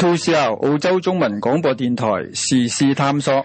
To s 澳洲中文廣播電台，時事探索。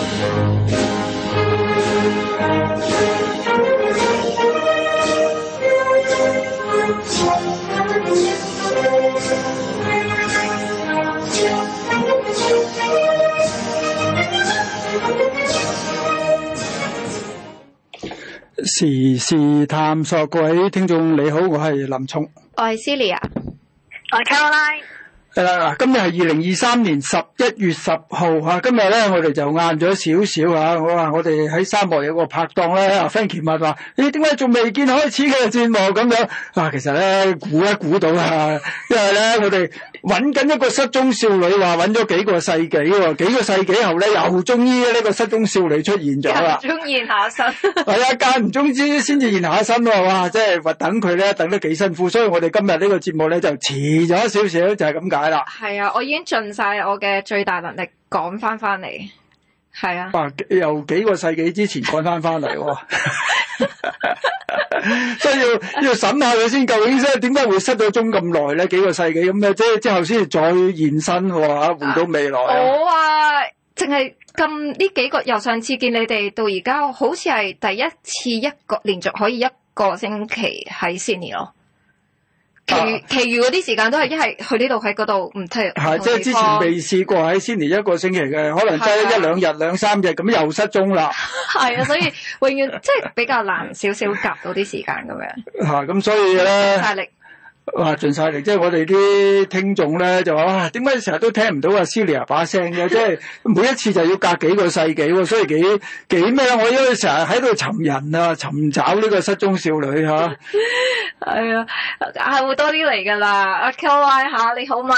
時事探索，各位聽眾你好，我係林聰，我係 Celia，我係 Caroline。Okay. 誒，嗱，今日係二零二三年十一月十號吓，今日咧我哋就晏咗少少吓。我話我哋喺沙漠有個拍檔咧，阿 Frankie 問話，你點解仲未見開始嘅節目咁樣？嗱、啊，其實咧估一估到啦，因為咧我哋揾緊一個失蹤少女，話揾咗幾個世紀喎，幾個世紀後咧又終於呢個失蹤少女出現咗啦，間唔中現下身，係 啊，間唔中之先至現下身咯，哇，即係話等佢咧等得幾辛苦，所以我哋今日呢個節目咧就遲咗少少，就係咁解。就是係啦，係啊，我已經盡晒我嘅最大能力趕翻翻嚟，係啊。啊，由幾個世紀之前趕翻翻嚟，即 係 要要審下佢先，究竟即係點解會失咗蹤咁耐咧？幾個世紀咁咧，即係之後先再現身喎、啊，回到未來、啊。我啊，淨係咁呢幾個，由上次見你哋到而家，好似係第一次一個連續可以一個星期喺 Sydney 其餘嗰啲時間都係一係去呢度喺嗰度，唔係係即係之前未試過喺悉尼一個星期嘅，可能齋一兩日兩三日咁又失蹤啦。係啊，所以永遠即係 比較難少少夾到啲時間咁樣。嚇，咁所以咧。哇！盡晒力，即係我哋啲聽眾咧就話：點解成日都聽唔到阿思莉阿爸聲嘅？ 即係每一次就要隔幾個世紀喎，所以幾幾咩？我因為成日喺度尋人啊，尋找呢個失蹤少女嚇。係啊，係 會、哎啊啊、多啲嚟㗎啦！阿 q i 下，你好嘛？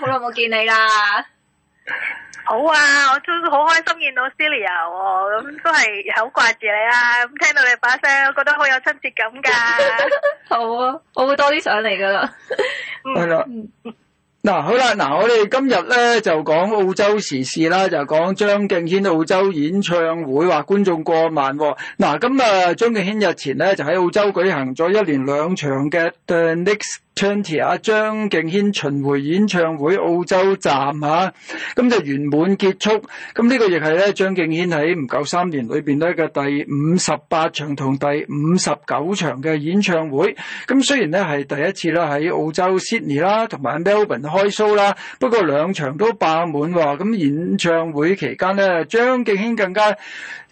好耐冇見你啦。 好啊，我都好開心見到 Celia 喎。哦，咁都係好掛住你啦。啊，咁聽到你把聲，我覺得好有親切感噶。 好啊，我會多啲上嚟噶啦。係 啦，嗱、嗯、好啦，嗱我哋今日咧就講澳洲時事啦，就講張敬軒澳洲演唱會話觀眾過萬。嗱，今日張敬軒日前咧就喺澳洲舉行咗一連兩場嘅 The Next。c h a n t 啊，張敬軒巡迴演唱會澳洲站啊，咁就圓滿結束。咁呢個亦係咧張敬軒喺唔夠三年裏邊咧嘅第五十八場同第五十九場嘅演唱會。咁雖然咧係第一次啦喺澳洲 Sydney 啦，同埋 Melbourne 開 show 啦，不過兩場都爆滿喎。咁演唱會期間咧，張敬軒更加，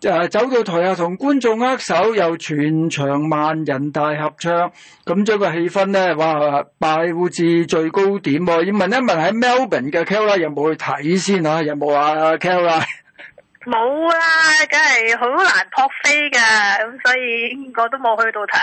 就係走到台下同觀眾握手，又全場萬人大合唱，咁將個氣氛咧，哇！拜會至最高點喎。啊，要問一問喺 Melbourne 嘅 Kel 啦，有冇去睇先啊？有冇阿 Kel 啦？冇啦，梗係好難撲飛㗎，咁所以我都冇去到睇。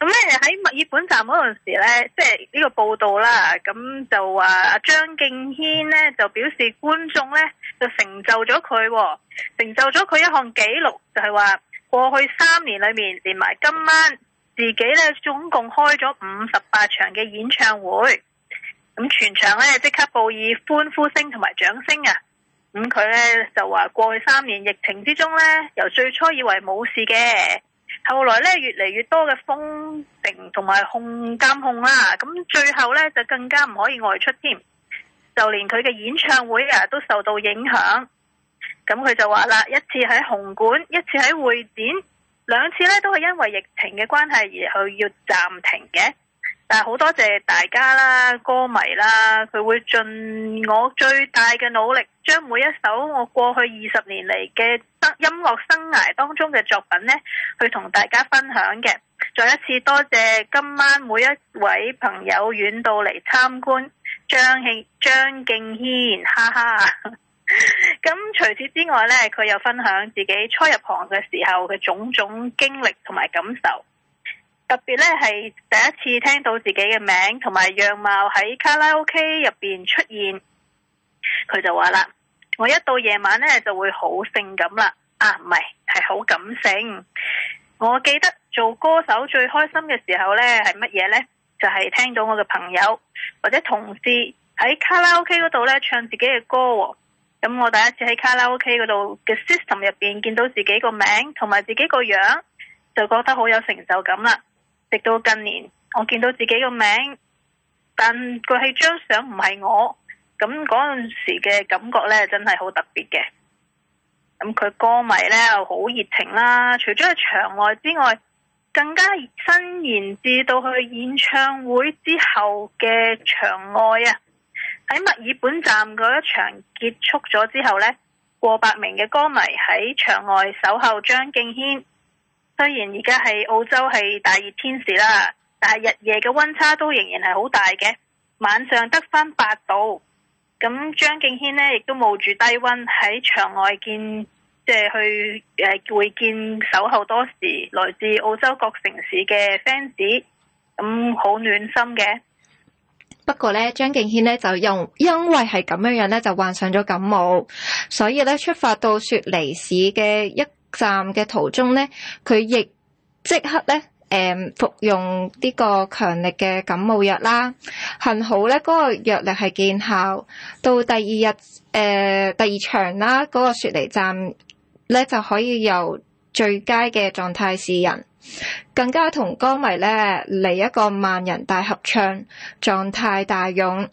咁咧喺墨爾本站嗰陣時咧，即係呢個報道啦，咁就話張敬軒咧就表示觀眾咧。就成就咗佢、哦，成就咗佢一項紀錄，就係、是、話過去三年裏面，連埋今晚自己咧總共開咗五十八場嘅演唱會，咁全場咧即刻報以歡呼聲同埋掌聲啊！咁佢咧就話過去三年疫情之中咧，由最初以為冇事嘅，後來咧越嚟越多嘅封城同埋控監控啦、啊，咁最後咧就更加唔可以外出添。就連佢嘅演唱會啊，都受到影響。咁佢就話啦，一次喺紅館，一次喺會展，兩次呢都係因為疫情嘅關係而去要暫停嘅。但係好多謝大家啦，歌迷啦，佢會盡我最大嘅努力，將每一首我過去二十年嚟嘅音樂生涯當中嘅作品呢，去同大家分享嘅。再一次多謝今晚每一位朋友遠到嚟參觀。張敬軒，哈哈！咁除此之外呢，佢又分享自己初入行嘅時候嘅種種經歷同埋感受，特別呢，係第一次聽到自己嘅名同埋樣貌喺卡拉 OK 入邊出現，佢就話啦：我一到夜晚呢，就會好性感啦，啊唔係係好感性。我記得做歌手最開心嘅時候呢，係乜嘢呢？就係、是、聽到我嘅朋友或者同事喺卡拉 OK 嗰度咧唱自己嘅歌。哦，咁我第一次喺卡拉 OK 嗰度嘅 system 入邊見到自己個名同埋自己個樣，就覺得好有成就感啦。直到近年，我見到自己個名，但佢係張相唔係我，咁嗰陣時嘅感覺咧真係好特別嘅。咁佢歌迷咧好熱情啦，除咗喺場外之外。更加伸延至到去演唱會之後嘅場外啊！喺墨爾本站嗰一場結束咗之後呢，過百名嘅歌迷喺場外守候張敬軒。雖然而家係澳洲係大熱天時啦，但係日夜嘅溫差都仍然係好大嘅。晚上得返八度，咁張敬軒呢亦都冒住低溫喺場外見。即係去誒會見守候多時，來自澳洲各城市嘅 fans，咁好暖心嘅。不過咧，張敬軒咧就因因為係咁樣樣咧，就患上咗感冒，所以咧出發到雪梨市嘅一站嘅途中咧，佢亦即刻咧誒、嗯、服用呢個強力嘅感冒藥啦。幸好咧，嗰個藥力係見效，到第二日誒、呃、第二場啦，嗰、那個雪梨站。咧就可以由最佳嘅狀態示人，更加同歌迷咧嚟一個萬人大合唱，狀態大勇。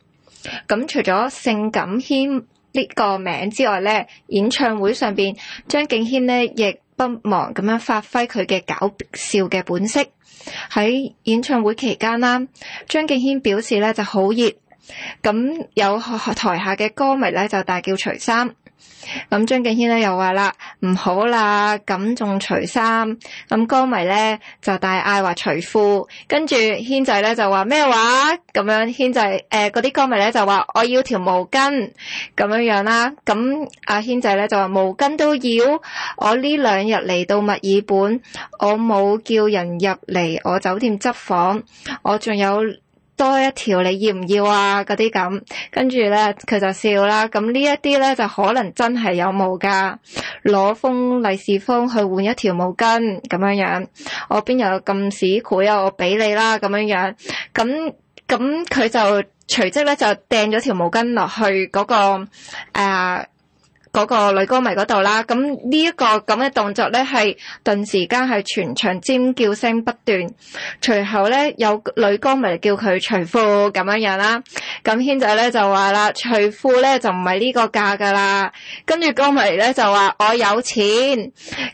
咁除咗性感軒呢個名之外咧，演唱會上面張敬軒咧亦不忘咁樣發揮佢嘅搞笑嘅本色。喺演唱會期間啦，張敬軒表示咧就好熱，咁有台下嘅歌迷咧就大叫除衫。咁張敬軒咧又話啦唔好啦，咁仲除衫，咁歌迷咧就大嗌話除褲，跟住軒仔咧就話咩話咁樣軒仔，軒仔誒嗰啲歌迷咧就話我要條毛巾咁樣樣啦，咁阿軒仔咧就話毛巾都要，我呢兩日嚟到墨爾本，我冇叫人入嚟我酒店執房，我仲有。多一條你要唔要啊？嗰啲咁，跟住咧佢就笑啦。咁呢一啲咧就可能真係有毛噶，攞封利是封去換一條毛巾咁樣樣。我邊有咁屎儈啊？我俾你啦，咁樣樣。咁咁佢就隨即咧就掟咗條毛巾落去嗰、嗰個誒。啊嗰個女歌迷嗰度啦，咁呢一個咁嘅動作呢，係頓時間係全場尖叫聲不斷。隨後呢，有女歌迷叫佢除褲咁樣樣啦，咁軒仔呢就話啦，除褲呢就唔係呢個價㗎啦。跟住歌迷呢就話我有錢，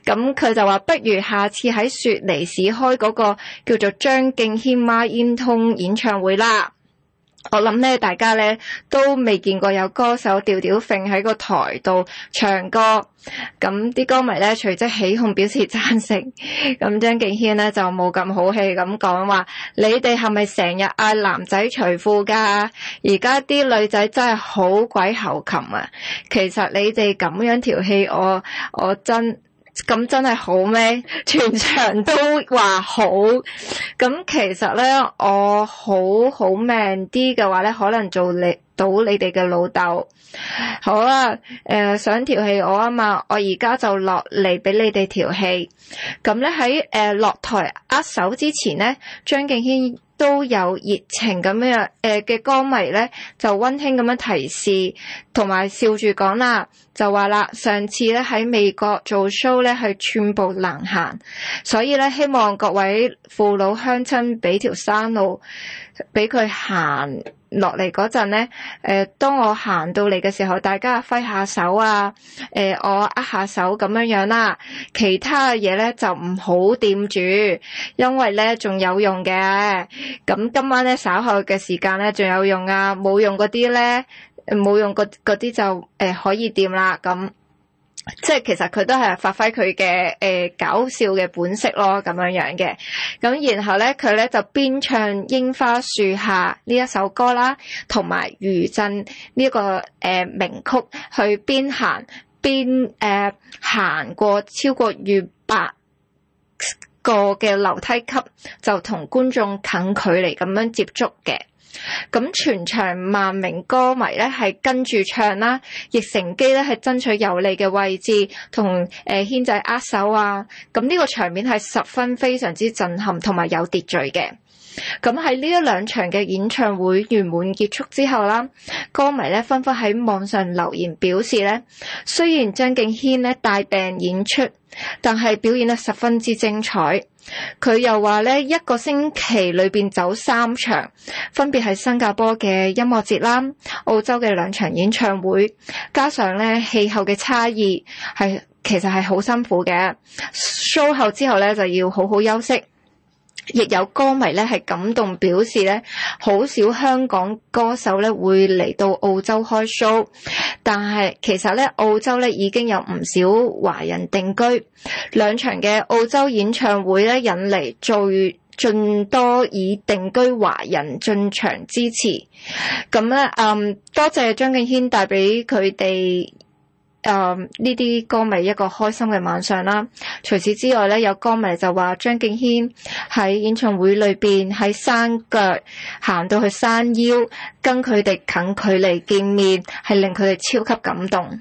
咁佢就話不如下次喺雪梨市開嗰個叫做張敬軒孖煙通演唱會啦。我諗咧，大家咧都未見過有歌手吊吊揈，喺個台度唱歌，咁啲歌迷咧隨即起哄表示贊成，咁張敬軒咧就冇咁好氣咁講話，你哋係咪成日嗌男仔除褲噶？而家啲女仔真係好鬼猴擒啊！其實你哋咁樣調戲我，我真。咁真係好咩？全場都話好。咁其實咧，我好好命啲嘅話咧，可能做你到你哋嘅老豆。好啊，誒、呃、想調戲我啊嘛，我而家就落嚟俾你哋調戲。咁咧喺誒落台握手之前咧，張敬軒。都有熱情咁樣誒嘅歌迷呢，就溫馨咁樣提示，同埋笑住講啦，就話啦，上次呢喺美國做 show 呢，係寸步難行，所以呢，希望各位父老鄉親俾條山路俾佢行。落嚟嗰陣咧，誒、呃，當我行到嚟嘅時候，大家揮下手啊，誒、呃，我握下手咁樣樣、啊、啦，其他嘅嘢咧就唔好掂住，因為咧仲有用嘅。咁今晚咧稍後嘅時間咧仲有用啊，冇用嗰啲咧冇用嗰啲就誒可以掂啦，咁。即係其實佢都係發揮佢嘅誒搞笑嘅本色咯，咁樣樣嘅。咁然後咧，佢咧就邊唱《櫻花樹下》呢一首歌啦，同埋餘震呢、這、一個誒、呃、名曲，去邊行邊誒、呃、行過超過月百逾百個嘅樓梯級，就同觀眾近距離咁樣接觸嘅。咁全場萬名歌迷咧係跟住唱啦，亦乘機咧係爭取有利嘅位置同誒軒仔握手啊！咁呢個場面係十分非常之震撼同埋有秩序嘅。咁喺呢一兩場嘅演唱會圓滿結束之後啦，歌迷咧紛紛喺網上留言表示咧，雖然張敬軒咧帶病演出，但係表演得十分之精彩。佢又話咧一個星期裏邊走三場，分別係新加坡嘅音樂節啦，澳洲嘅兩場演唱會，加上咧氣候嘅差異係，其實係好辛苦嘅。show 後之後咧就要好好休息。亦有歌迷咧係感動表示咧，好少香港歌手咧會嚟到澳洲開 show，但係其實咧澳洲咧已經有唔少華人定居，兩場嘅澳洲演唱會咧引嚟最盡多以定居華人進場支持，咁咧，嗯，多謝張敬軒帶俾佢哋。誒呢啲歌迷一個開心嘅晚上啦。除此之外咧，有歌迷就話張敬軒喺演唱會裏邊喺山腳行到去山腰，跟佢哋近距離見面，係令佢哋超級感動。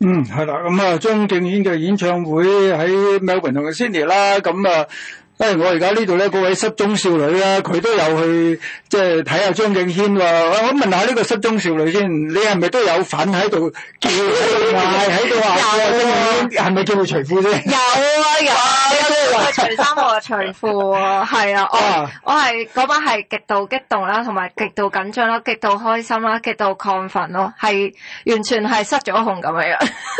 嗯，係啦，咁、嗯、啊，張敬軒嘅演唱會喺 Melbourne 同 Sydney 啦，咁、嗯、啊。誒，我而家呢度咧，嗰位失蹤少女咧，佢都有去即係睇下張敬軒喎。我問下呢個失蹤少女先，你係咪都有份喺度叫啊？喺度啊！有啊張敬軒，係咪叫佢除褲先？有啊有啊，叫佢除衫和除褲。係啊，我我係嗰班係極度激動啦，同埋極度緊張啦，極度開心啦，極度亢奮咯，係完全係失咗控咁樣。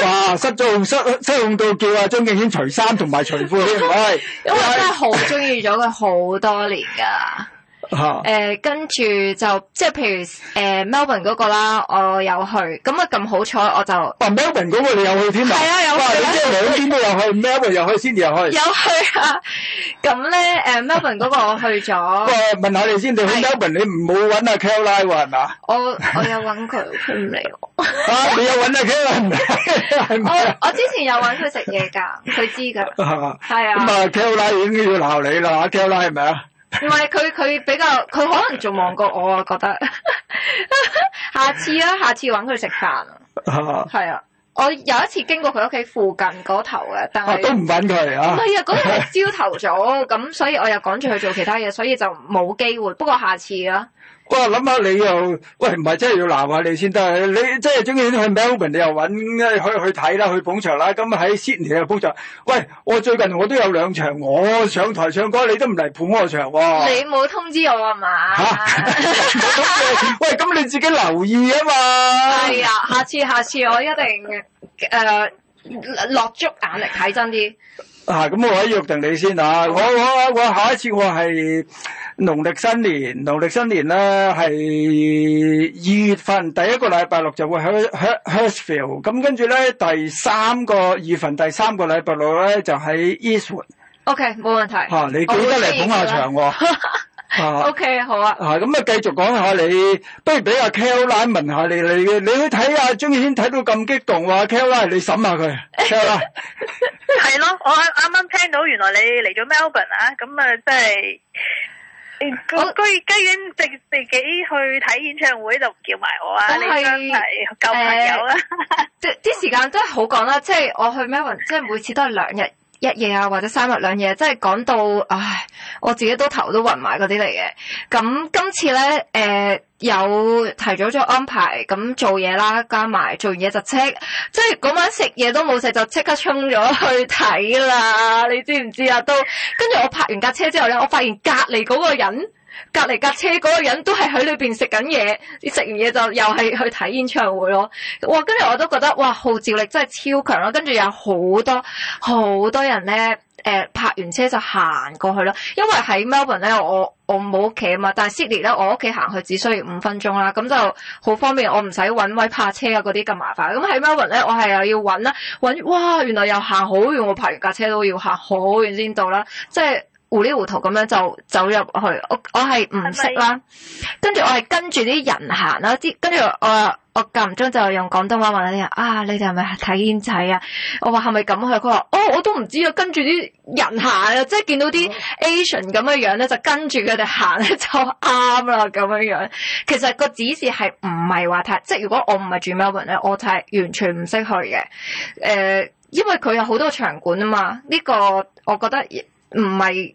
哇！失咗控，失失控到叫啊！張敬軒除衫同埋除褲，因為真係好。我中意咗佢好多年噶。吓、啊，誒、呃，跟住就即係譬如誒、呃，Melbourne 嗰個啦，我有去，咁啊咁好彩我就，啊，Melbourne 嗰個你有去添啊，係啊，有去啦，你即係兩天都有去，Melbourne 又去先至有去，有 進去 啊，咁、嗯、咧，誒，Melbourne 嗰個我去咗，喂，問下你先，你去 Melbourne 你冇搵阿 Kella 喎，係咪 ？我有找我有搵佢，佢唔理我，啊，你有搵阿 Kella，我我之前有搵佢食嘢噶，佢知噶，係啊，咁啊，Kella 已經要鬧你啦，Kella 係咪啊？ Kelline, 唔係佢，佢比較，佢可能仲忙過我啊，覺得 下次啊，下次搵佢食飯啊，係啊，我有一次經過佢屋企附近嗰頭嘅，但係都唔搵佢啊，係啊，啊，嗰日係朝頭早咁， 所以我又趕住去做其他嘢，所以就冇機會。不過下次啊。我諗下你又，喂唔係真係要鬧下你先得，你真係中意去 Melbourne，你又揾去去睇啦，去捧場啦。咁喺 Sydney 又捧場。喂，我最近我都有兩場，我上台唱歌，你都唔嚟捧我場喎、啊。你冇通知我啊嘛？吓， 喂，咁你自己留意啊嘛。係啊，下次下次我一定誒、呃、落足眼力睇真啲。咁、啊、我喺約定你先啊，我我我下一次我係。農曆新年，農曆新年咧係二月份第一個禮拜六就會喺喺 Hurstville，咁跟住咧第三個二月份第三個禮拜六咧就喺 Eastwood。O K，冇問題。吓，你記得嚟捧下場喎。O K，好啊。吓，咁啊，繼續講下你，不如俾阿 Kellie 問下你哋嘅，你去睇阿敬軒睇到咁激動，話 Kellie，你審下佢。Kellie。係咯，我啱啱聽到，原來你嚟咗 Melbourne 啊，咁啊，即係。我居居然自己自己去睇演唱會就唔叫埋我啊！呢啲係舊朋友啦，啊欸，即係啲時間真係好講啦，即、就、係、是、我去 Melbourne 即係每次都係兩日。一夜啊，或者三日兩夜，即係講到，唉，我自己都頭都暈埋嗰啲嚟嘅。咁今次呢，誒、呃，有提早咗安排，咁做嘢啦，加埋做完嘢就即，即係嗰晚食嘢都冇食，就即刻衝咗去睇啦。你知唔知啊？都跟住我拍完架車之後呢，我發現隔離嗰個人。隔籬架車嗰個人都係喺裏邊食緊嘢，你食完嘢，就又係去睇演唱會咯。哇！跟住我都覺得哇，號召力真係超強咯。跟住有好多好多人咧，誒、呃，泊完車就行過去咯。因為喺 Melbourne 咧，我我冇屋企啊嘛，但係 Sydney 咧，我屋企行去只需要五分鐘啦，咁就好方便，我唔使搵位泊車啊嗰啲咁麻煩。咁喺 Melbourne 咧，我係又要搵啦，搵，哇，原來又行好遠，我泊完架車都要行好遠先到啦，即係。糊里糊塗咁樣就走入去，我我係唔識啦。跟住我係跟住啲人行啦，啲跟住我我間唔中就用廣東話問啲人：啊，你哋係咪睇煙仔啊？我話係咪咁去？佢話：哦，我都唔知啊，跟住啲人行啊，即係見到啲 Asian 咁嘅樣咧，就跟住佢哋行咧就啱啦咁樣樣。其實個指示係唔係話太即係，如果我唔係住 Melbourne 咧，我就係完全唔識去嘅、呃。因為佢有好多場館啊嘛，呢、呢個我覺得唔係。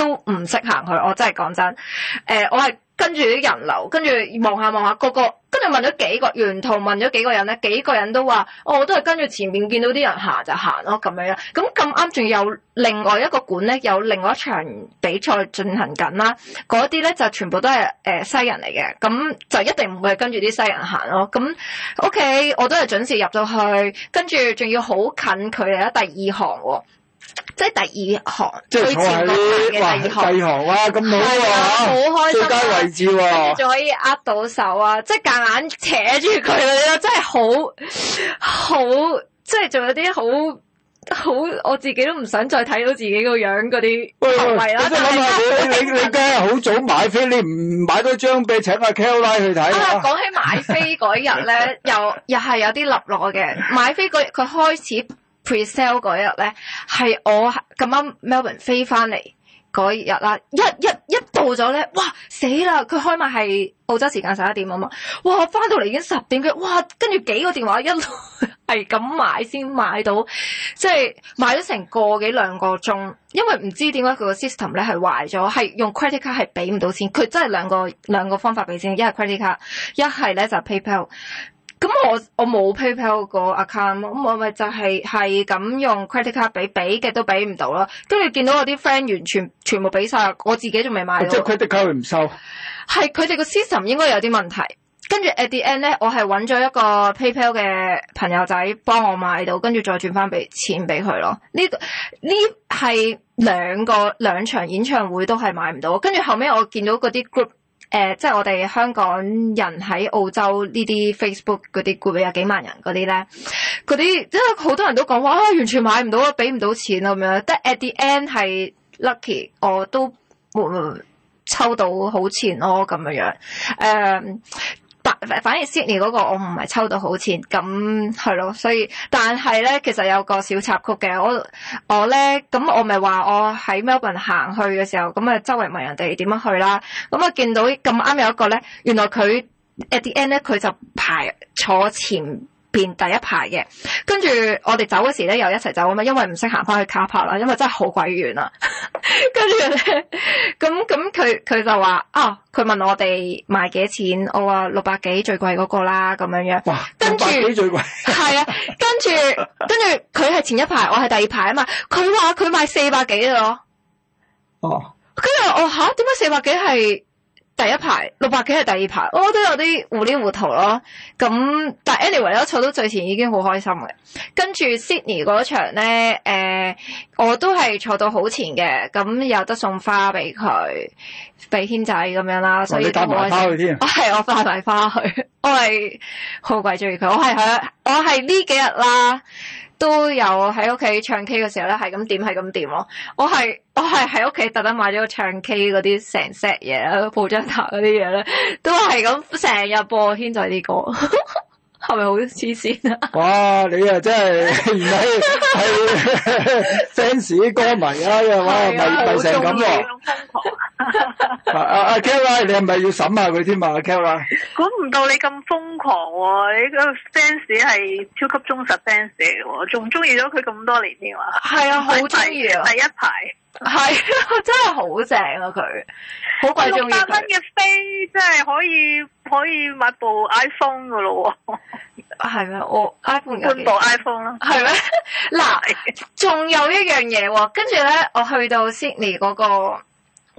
都唔識行去，我真係講真，誒、呃，我係跟住啲人流，跟住望下望下，個個跟住問咗幾個沿途問咗幾個人咧，幾個人都話、哦，我都係跟住前面見到啲人行就行咯咁樣。咁咁啱，仲有另外一個館咧，有另外一場比賽進行緊、啊、啦。嗰啲咧就全部都係、呃、西人嚟嘅，咁、嗯、就一定唔會跟住啲西人行咯、啊。咁、嗯、OK，我都係準時入到去，跟住仲要好近距離啦，第二行喎、啊。即係第二行，最前嗰行嘅第二行、就是、第二行啊！咁好啊，啊，最佳位置喎、啊，仲可以握到手啊！ 即係夾硬扯住佢嗰真係好好，即係仲有啲好好，我自己都唔想再睇到自己個樣嗰啲行為啦。你你你家下好早買飛，你唔買多張俾請阿 Kela 去睇啊？講起買飛嗰日咧，又又係有啲立落嘅。買飛嗰日佢開始。pre-sale 嗰一日咧，係我咁啱 Melbourne 飛翻嚟嗰日啦，一一一到咗咧，哇死啦！佢開賣係澳洲時間十一點啊嘛，哇翻到嚟已經十點，佢哇跟住幾個電話一路係咁買先買到，即係買咗成個幾兩個鐘，因為唔知點解佢個 system 咧係壞咗，係用 credit card 係俾唔到錢，佢真係兩個兩個方法俾錢，一係 credit card，一係咧就 PayPal。咁我我冇 PayPal 個 account，咁我咪就係係咁用 credit card 俾俾嘅都俾唔到咯。跟住見到我啲 friend 完全全部俾晒，我自己仲未買到。即係 credit card 唔收，係佢哋個 system 應該有啲問題。跟住 at the end 咧，我係揾咗一個 PayPal 嘅朋友仔幫我買到，跟住再轉翻俾錢俾佢咯。呢個呢係兩個兩場演唱會都係買唔到。跟住後尾我見到嗰啲 group。誒、呃，即係我哋香港人喺澳洲呢啲 Facebook 嗰啲 group 有幾萬人嗰啲咧，嗰啲即係好多人都講哇，完全買唔到啊，俾唔到錢啊咁樣。但 at the end 係 lucky，我都冇抽到好錢咯咁樣樣。呃反而 Sydney 嗰個我唔係抽到好前，咁係咯，所以但係咧，其實有一個小插曲嘅，我我咧咁我咪話我喺 Melbourne 行去嘅時候，咁啊周圍問人哋點樣去啦，咁啊見到咁啱有一個咧，原來佢 at the end 咧佢就排坐前。變第一排嘅，跟住我哋走嘅時咧又一齊走啊嘛，因為唔識行翻去卡帕啦，因為真係好鬼遠啊。跟住咧，咁咁佢佢就話，啊、哦，佢問我哋賣幾錢，我話六百幾最貴嗰個啦，咁樣樣。哇，六百幾最貴？係啊，跟住跟住佢係前一排，我係第二排啊嘛，佢話佢賣四百幾咯，我，哦，跟住我吓，點解四百幾係？第一排六百幾，係第二排，我、哦、都有啲糊裡糊塗咯。咁但 anyway 咧，坐到最前已經好開心嘅。跟住 Sydney 嗰場咧，誒、呃、我都係坐到好前嘅。咁、嗯、有得送花俾佢，俾軒仔咁樣啦，所以好開心。哦、我係我帶大花去，我係好鬼中意佢，我係喺我係呢幾日啦。都有喺屋企唱 K 嘅時候咧，係咁點係咁點咯。我係我係喺屋企特登買咗個唱 K 嗰啲成 set 嘢啦，擴張嗰啲嘢咧，都係咁成日播軒仔啲歌。 係咪好黐線啊？哇！你啊真係唔係 fans 啲歌迷，迷啊，又哇，咪？係成咁啊！瘋、啊、 狂啊！阿阿 Kel 啊，你係咪要審下佢添嘛？Kel 啊！估唔到你咁瘋狂喎，你個 fans 係超級忠實 fans 嚟嘅，仲中意咗佢咁多年添啊！係啊，好中意啊！第一排。 係、啊，真係好正啊！佢好貴，六百蚊嘅飛真係可以可以買部 iPhone 噶咯喎。係咩、啊？我 iPhone 換部 iPhone 啦、啊。係咩？嗱，仲有一樣嘢喎。跟住咧，我去到 Sydney 嗰、那個。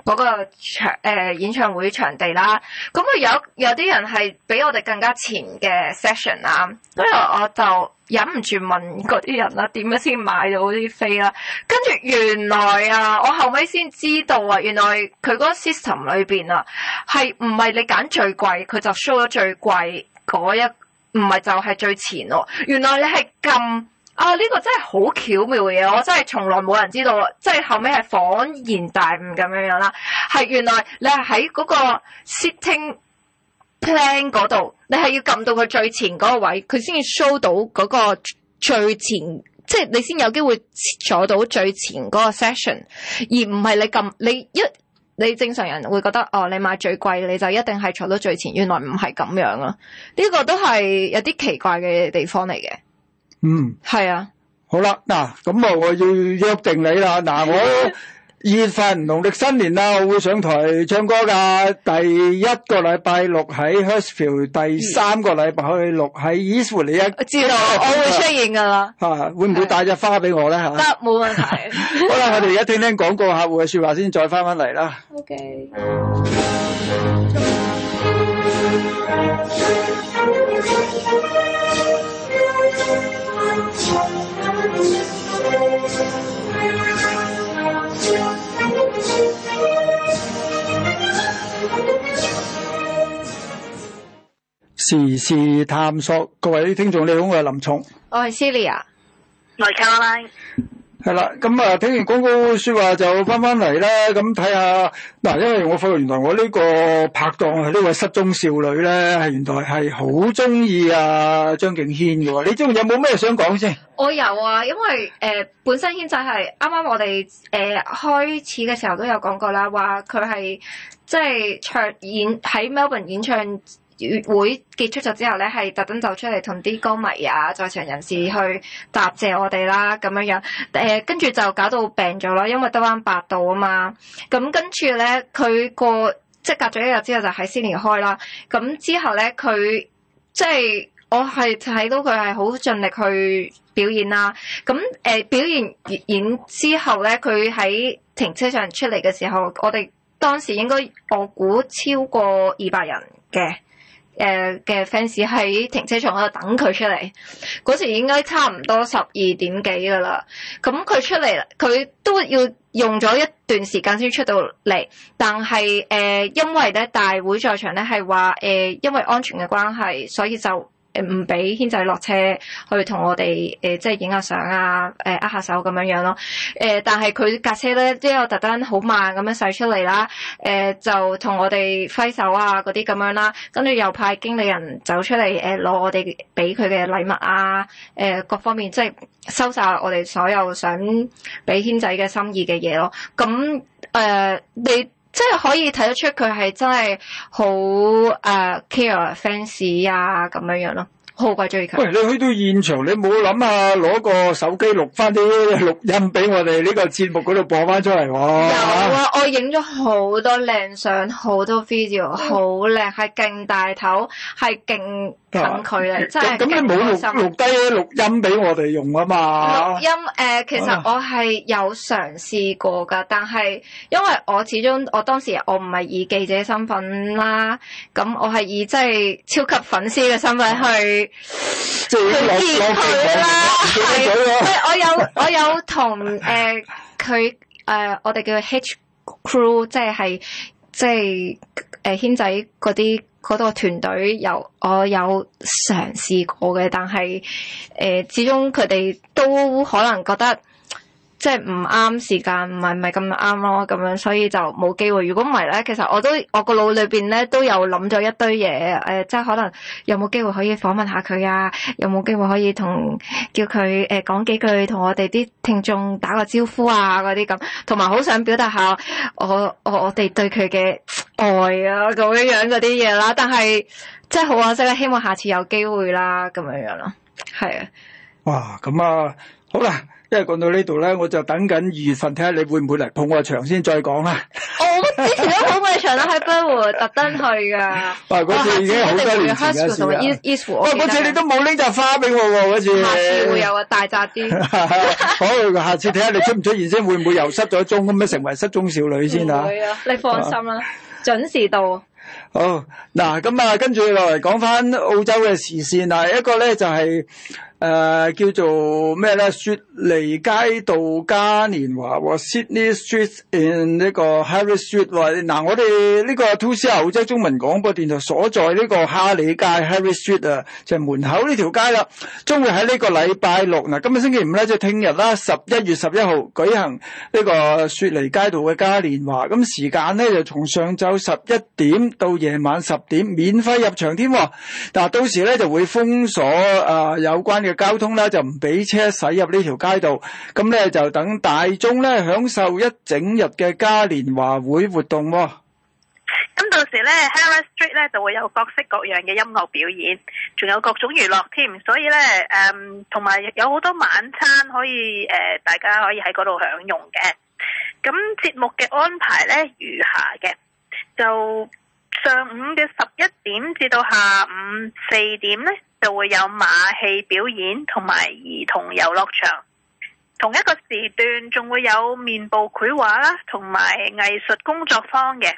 嗰、那個場、呃、演唱會場地啦，咁佢有有啲人係比我哋更加前嘅 session 啦，跟住我就忍唔住問嗰啲人啦，點樣先買到啲飛啦？跟住原來啊，我後尾先知道啊，原來佢嗰個 system 裏邊啊，係唔係你揀最貴，佢就 show 咗最貴嗰一，唔係就係最前喎、啊。原來你係咁。啊！呢、這個真係好巧妙嘅嘢，我真係從來冇人知道，即係後尾係恍然大悟咁樣樣啦。係原來你係喺嗰個 sitting plan 度，你係要撳到佢最前嗰個位，佢先至 show 到嗰個最前，即係你先有機會坐到最前嗰個 session 而唔係你撳，你一你正常人會覺得哦，你買最貴你就一定係坐到最前，原來唔係咁樣咯。呢、這個都係有啲奇怪嘅地方嚟嘅。嗯，係啊，好啦，嗱，咁啊，我要約定你啦，嗱，我二月份農曆新年啦我會上台唱歌噶，第一個禮拜六喺 Hersfield，第三個禮拜去六喺 East、嗯、你一知道、啊，我會出現噶啦，吓、啊，會唔會帶隻花俾我咧？吓，得，冇問題好。好啦，我哋而家聽聽廣告客戶嘅說話先，再翻翻嚟啦。O K。時事探索，各位聽眾你好，我係林松，我係 Celia，來自拉。係啦，咁啊，聽完廣告說話就翻翻嚟啦。咁睇下嗱，因為我發覺原來我呢個拍檔係呢個失蹤少女咧，係原來係好中意啊張敬軒嘅。你中意有冇咩想講先？我有啊，因為誒、呃、本身軒仔係啱啱我哋誒、呃、開始嘅時候都有講過啦，話佢係即係唱演喺 Melbourne 演唱。月會結束咗之後咧，係特登就出嚟同啲歌迷啊，在場人士去答謝我哋啦，咁樣樣誒，跟、呃、住就搞到病咗囉，因為得翻八度啊嘛。咁跟住咧，佢個即係隔咗一日之後就喺悉尼開啦。咁、嗯、之後咧，佢即係我係睇到佢係好盡力去表演啦。咁、嗯呃、表演完之後咧，佢喺停車場出嚟嘅時候，我哋當時應該我估超過二百人嘅。誒嘅 fans 喺停車場嗰度等佢出嚟，嗰時應該差唔多十二點幾噶啦。咁佢出嚟，佢都要用咗一段時間先出到嚟。但係誒、呃、因為咧大會在場咧係話誒因為安全嘅關係，所以就。唔俾軒仔落車去同我哋、呃、即係影下相啊，誒、呃、握下手咁樣樣咯。呃、但係佢架車咧即係我特登好慢咁樣駛出嚟啦。誒、呃，就同我哋揮手啊嗰啲咁樣啦，跟住又派經理人走出嚟誒，攞、呃、我哋俾佢嘅禮物啊，誒、呃、各方面即係收曬我哋所有想俾軒仔嘅心意嘅嘢咯。咁誒、呃、你。即係可以睇得出佢係真係好誒、uh, care fans 啊咁樣樣咯。好鬼追求。喂，你去到現場，你冇諗啊？攞個手機錄翻啲錄音俾我哋呢個節目嗰度播翻出嚟喎。有啊，我影咗好多靚相，好多 video，好靚，係勁大頭，係勁近距離，真係幾開心。錄低啲錄音俾我哋用啊嘛。錄音誒，其實我係有嘗試過㗎，但係因為我始終我當時我唔係以記者身份啦，咁我係以即係超級粉絲嘅身份去。最易去啦，係我有我有同誒佢誒，我哋叫 H crew，即係係，即係誒軒仔嗰啲嗰個團隊有我有嘗試過嘅，但係誒、呃、始終佢哋都可能覺得。即係唔啱時間，唔係唔係咁啱咯，咁樣所以就冇機會。如果唔係咧，其實我都我個腦裏邊咧都有諗咗一堆嘢，誒、呃，即係可能有冇機會可以訪問下佢啊，有冇機會可以同叫佢誒講幾句，同我哋啲聽眾打個招呼啊，嗰啲咁，同埋好想表達下我我我哋對佢嘅愛啊，咁樣樣嗰啲嘢啦。但係即係好可惜啦，希望下次有機會啦，咁樣樣咯。係啊。哇，咁啊，好啦。即係講到呢度咧，我就等緊二月份睇下你會唔會嚟捧我場先，再講啦。我之前都捧過場啦，喺北湖特登去噶。哇，之前好多年噶啦。喂，嗰次你都冇拎扎花俾我喎，嗰次。下次會有啊，大扎啲。好，下次睇 下次你出唔出現先，會唔會又失咗蹤咁樣，成為失蹤少女先啊？唔會啊，你放心啦， 準時到。好，嗱咁啊，跟住落嚟講翻澳洲嘅時事嗱，一個咧就係、是。誒、呃、叫做咩咧？雪梨街道嘉年華、呃、Sydney Streets in 呢個 Harris Street 嗱、呃呃，我哋呢個 Two C 澳洲中文廣播電台所在呢個哈里街 Harris Street 啊，就係門口呢條街啦，將會喺呢個禮拜六嗱、呃，今日星期五咧，即聽日啦，十一月十一號舉行呢個雪梨街道嘅嘉年華，咁、呃、時間咧就從上晝十一點到夜晚十點免費入場添。嗱、呃，到時咧就會封鎖誒、呃、有關嘅。交通咧就唔俾車駛入呢條街道，咁咧就等大眾咧享受一整日嘅嘉年華會活動。咁到時咧，Harris Street 咧就會有各式各樣嘅音樂表演，仲有各種娛樂添。所以咧，誒，同埋有好多晚餐可以誒，大家可以喺嗰度享用嘅。咁節目嘅安排咧如下嘅，就上午嘅十一點至到下午四點咧。就會有馬戲表演同埋兒童游樂場，同一個時段仲會有面部繪畫啦，同埋藝術工作坊嘅。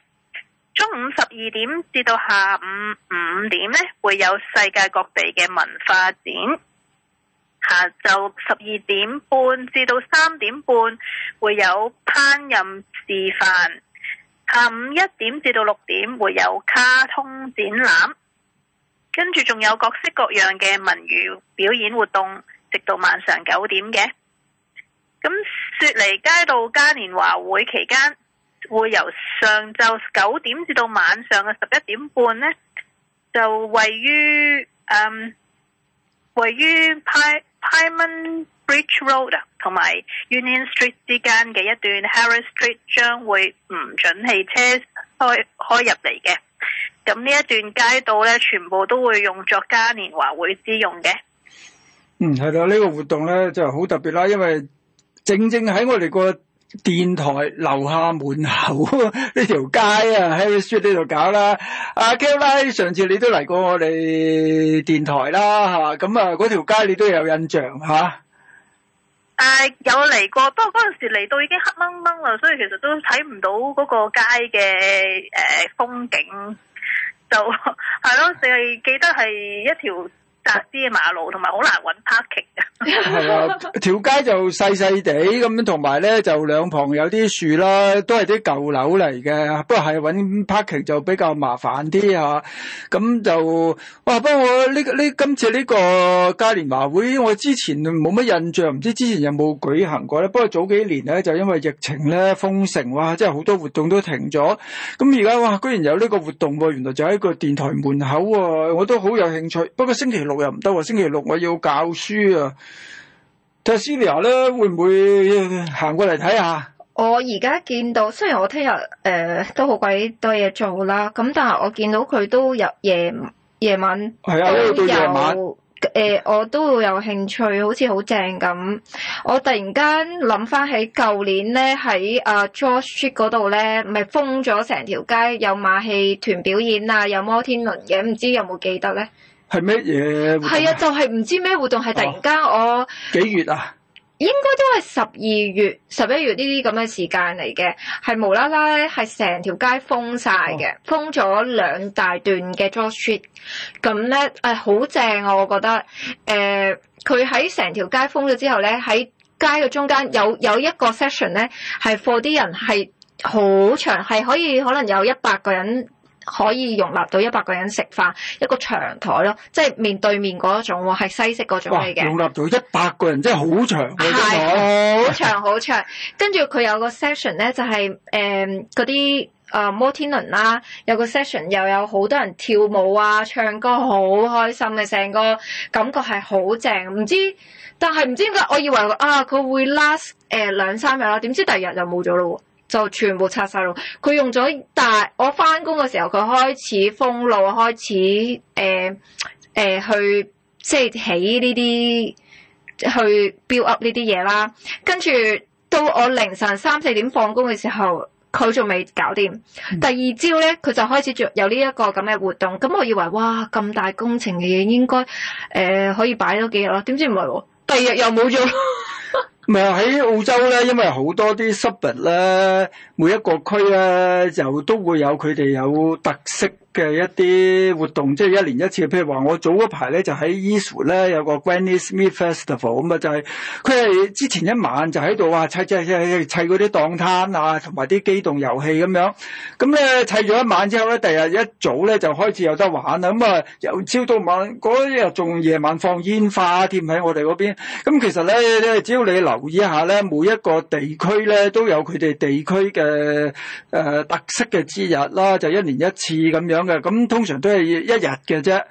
中午十二點至到下午五點呢，會有世界各地嘅文化展。下晝十二點半至到三點半，會有烹飪示範。下午一點至到六點，會有卡通展覽。跟住仲有各式各樣嘅文娛表演活動，直到晚上九點嘅。咁雪梨街道嘉年華會期間，會由上晝九點至到晚上嘅十一點半呢，就位於嗯、um, 位於 Py Pi Pyrmont Bridge Road 同埋 Union Street 之間嘅一段 Harris Street 將會唔准汽車開開入嚟嘅。咁呢一段街道咧，全部都會用作嘉年華會之用嘅。嗯，係啦，呢個活動咧就係好特別啦，因為正正喺我哋個電台樓下門口呢條街啊，喺呢度搞啦。阿 Kelly 上次你都嚟過我哋電台啦，嚇咁啊，嗰條街你都有印象嚇。誒，有嚟過，不過嗰陣時嚟到已經黑掹掹啦，所以其實都睇唔到嗰個街嘅誒風景。就係咯，淨係記得係一條窄啲馬路，同埋好難揾 parking 嘅。 係啊，條街就細細地咁，同埋咧就兩旁有啲樹啦，都係啲舊樓嚟嘅。不過係揾 parking 就比較麻煩啲嚇。咁、啊、就哇，不過我呢呢今次呢個嘉年華會，我之前冇乜印象，唔知之前有冇舉行過咧。不過早幾年咧就因為疫情咧封城哇，即係好多活動都停咗。咁而家哇，居然有呢個活動喎，原來就喺個電台門口喎，我都好有興趣。不過星期六。又唔得喎，星期六我要教書啊！Tasia 咧會唔會行過嚟睇下？我而家見到雖然我聽日誒都好鬼多嘢做啦，咁但係我見到佢都有夜夜晚係啊，都、呃、夜晚誒、呃，我都會有興趣，好似好正咁。我突然間諗翻起舊年咧喺啊，George Street 嗰度咧，咪封咗成條街，有馬戲團表演啊，有摩天輪嘅，唔知有冇記得咧？係乜嘢？係啊，就係唔知咩活動，係、啊、突然間我、哦、幾月啊？應該都係十二月、十一月呢啲咁嘅時間嚟嘅，係無啦啦咧，係成條街封晒嘅、哦，封咗兩大段嘅 Joss Street 咁咧，誒好正，啊！我覺得，誒佢喺成條街封咗之後咧，喺街嘅中間有有一個 session 咧，係 for 啲人係好長，係可以可能有一百個人。可以容納到一百個人食飯，一個長台咯，即係面對面嗰種喎，係西式嗰種嘅。哇！容納到一百個人即係好長、啊、長，係好長好長。 跟住佢有個 session 咧，就係誒嗰啲啊摩天輪啦、啊，有個 session 又有好多人跳舞啊、唱歌，好開心嘅、啊，成個感覺係好正。唔知但係唔知點解，我以為啊佢會 last 誒、呃、兩三日啦、啊，點知第二日就冇咗嘞喎。就全部拆晒咯。佢用咗，但係我翻工嘅時候，佢開始封路，開始誒誒、呃呃、去即係起呢啲去 build up 呢啲嘢啦。跟住到我凌晨三四點放工嘅時候，佢仲未搞掂。第二朝咧，佢就開始做有呢一個咁嘅活動。咁我以為哇咁大工程嘅嘢應該誒、呃、可以擺多幾日咯，點知唔係第二日又冇咗。咪喺澳洲咧，因為好多啲 suburb 咧，每一個區咧、啊、就都會有佢哋有特色嘅一啲活動，即係一年一次。譬如話，我早嗰排咧就喺 East 咧有個 Granny Smith Festival 咁啊，就係佢係之前一晚就喺度啊砌砌砌砌嗰啲檔攤啊，同埋啲機動遊戲咁樣。咁咧砌咗一晚之後咧，第日一早咧就開始有得玩啦。咁啊，由朝到晚嗰日仲夜晚放煙花添喺我哋嗰邊。咁其實咧，只要你嚟。留意一下咧，每一個地區咧都有佢哋地區嘅誒特色嘅節日啦，就一年一次咁樣嘅，咁通常都係一日嘅啫。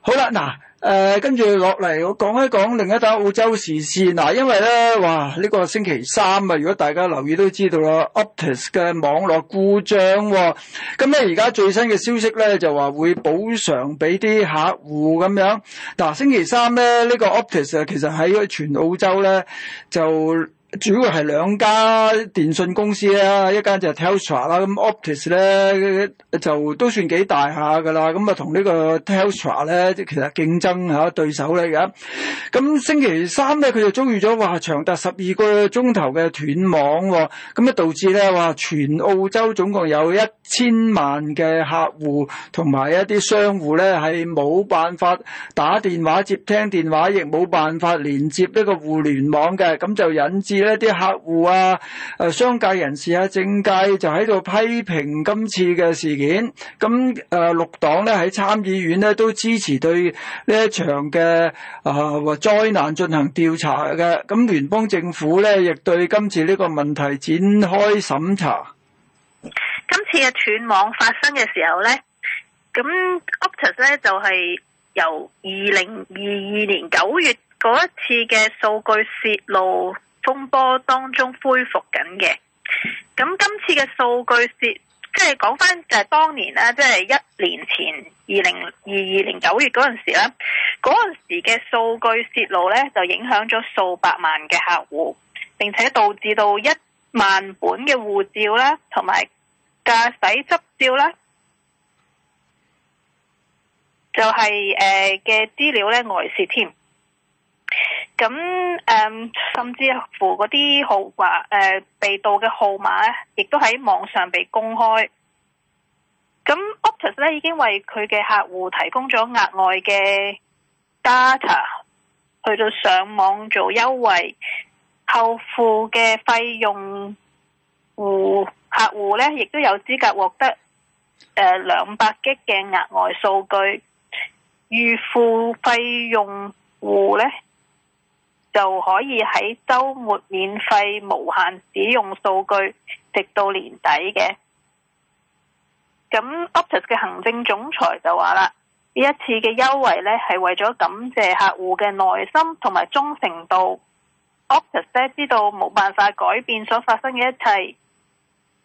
好啦，嗱。誒、呃，跟住落嚟，我講一講另一單澳洲時事嗱、啊，因為咧，哇，呢、這個星期三啊，如果大家留意都知道啦，Optus 嘅網絡故障、哦，咁咧而家最新嘅消息咧就話會補償俾啲客戶咁樣。嗱、啊，星期三咧，呢、這個 Optus 啊，其實喺全澳洲咧就。主要係兩家電信公司啦，一間就係 Telstra 啦，咁 Optus 咧就都算幾大下㗎啦。咁啊，同呢個 Telstra 咧，即其實競爭吓對手嚟㗎。咁星期三咧，佢就遭遇咗話長達十二個鐘頭嘅斷網，咁啊導致咧話全澳洲總共有一千萬嘅客戶同埋一啲商戶咧係冇辦法打電話接聽電話，亦冇辦法連接呢個互聯網嘅，咁就引致。一啲客戶啊，誒，商界人士啊，政界就喺度批評今次嘅事件。咁誒，綠黨咧喺參議院呢都支持對呢一場嘅啊或災難進行調查嘅。咁聯邦政府咧亦對今次呢個問題展開審查。今次嘅斷網發生嘅時候咧，咁 Optus 咧就係、是、由二零二二年九月嗰一次嘅數據洩露。風波當中恢復緊嘅。咁,今次嘅數據泄，即係講翻，就係當年咧，即係一年前二零二二年九月嗰陣時啦，嗰陣時嘅數據泄露呢，就影響咗數百萬嘅客戶，並且導致到一萬本嘅護照啦，同埋駕駛執照啦，就係誒嘅資料呢，外泄添。咁誒、嗯，甚至乎嗰啲號話誒、呃、被盜嘅號碼咧，亦都喺網上被公開。咁 Optus 咧已經為佢嘅客戶提供咗額外嘅 data，去到上網做優惠，後付嘅費用戶客戶咧，亦都有資格獲得誒兩百 G 嘅額外數據，預付費用戶咧，就可以喺周末免費無限使用數據，直到年底嘅。咁，Optus 嘅行政總裁就話啦：呢一次嘅優惠咧，係為咗感謝客戶嘅耐心同埋忠誠度。Optus 咧知道冇辦法改變所發生嘅一切，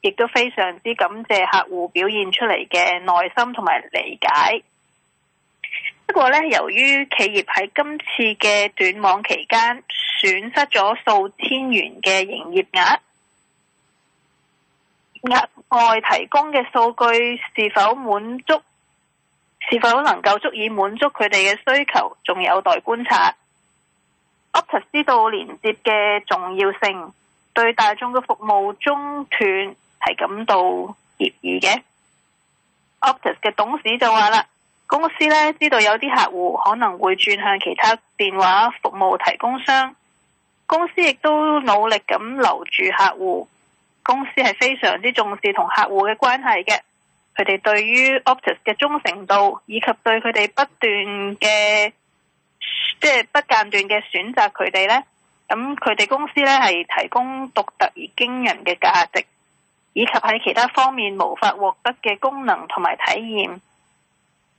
亦都非常之感謝客戶表現出嚟嘅耐心同埋理解。不過咧，由於企業喺今次嘅斷網期間損失咗數千元嘅營業額，額外提供嘅數據是否滿足，是否能夠足以滿足佢哋嘅需求，仲有待觀察。Optus 知道連接嘅重要性，對大眾嘅服務中斷係感到歉意嘅。Optus 嘅董事就話啦。公司咧知道，有啲客戶可能會轉向其他電話服務提供商。公司亦都努力咁留住客戶。公司係非常之重視同客戶嘅關係嘅。佢哋對於 Optus 嘅忠誠度以及對佢哋不斷嘅，即係不間斷嘅選擇佢哋咧，咁佢哋公司咧係提供獨特而驚人嘅價值，以及喺其他方面無法獲得嘅功能同埋體驗。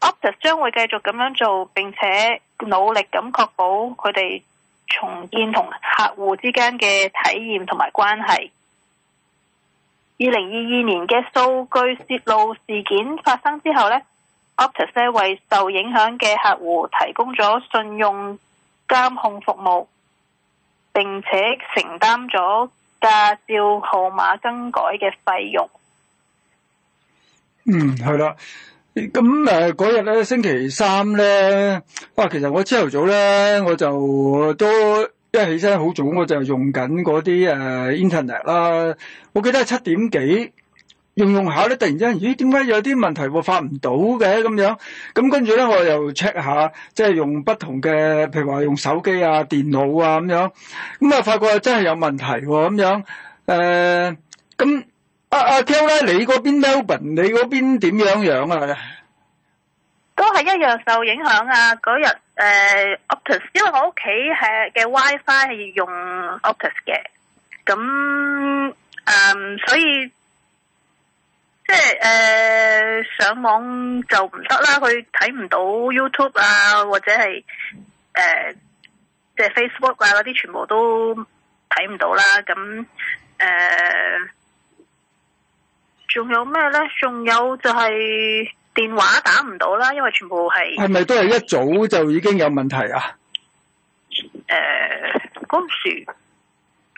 Optus 將會繼續咁樣做，並且努力咁確保佢哋重建同客戶之間嘅體驗同埋關係。二零二二年嘅數據泄露事件發生之後呢，Optus 咧為受影響嘅客戶提供咗信用監控服務，並且承擔咗駕照號碼更改嘅費用。嗯，係啦。咁誒嗰日咧，星期三咧，哇！其實我朝頭早咧，我就都一起身好早，我就用緊嗰啲誒 internet 啦。我記得係七點幾用用下咧，突然之間咦？點解有啲問題我、啊、發唔到嘅咁樣。咁跟住咧，我又 check 下，即係用不同嘅，譬如話用手機啊、電腦啊咁樣。咁、嗯、啊，發覺真係有問題喎、啊、咁樣。誒、嗯，咁、嗯。嗯阿阿 Jo 咧，你嗰邊 Melbourne，你嗰邊點樣樣啊？都係一樣受影響啊！嗰日誒，Optus，因為我屋企係嘅 WiFi 係用 Optus 嘅，咁誒、呃，所以即係誒、呃、上網就唔得啦，佢睇唔到 YouTube 啊，或者係誒即係 Facebook 啊嗰啲，全部都睇唔到啦。咁誒。呃仲有咩咧？仲有就係電話打唔到啦，因為全部係係咪都係一早就已經有問題啊？誒、呃，嗰時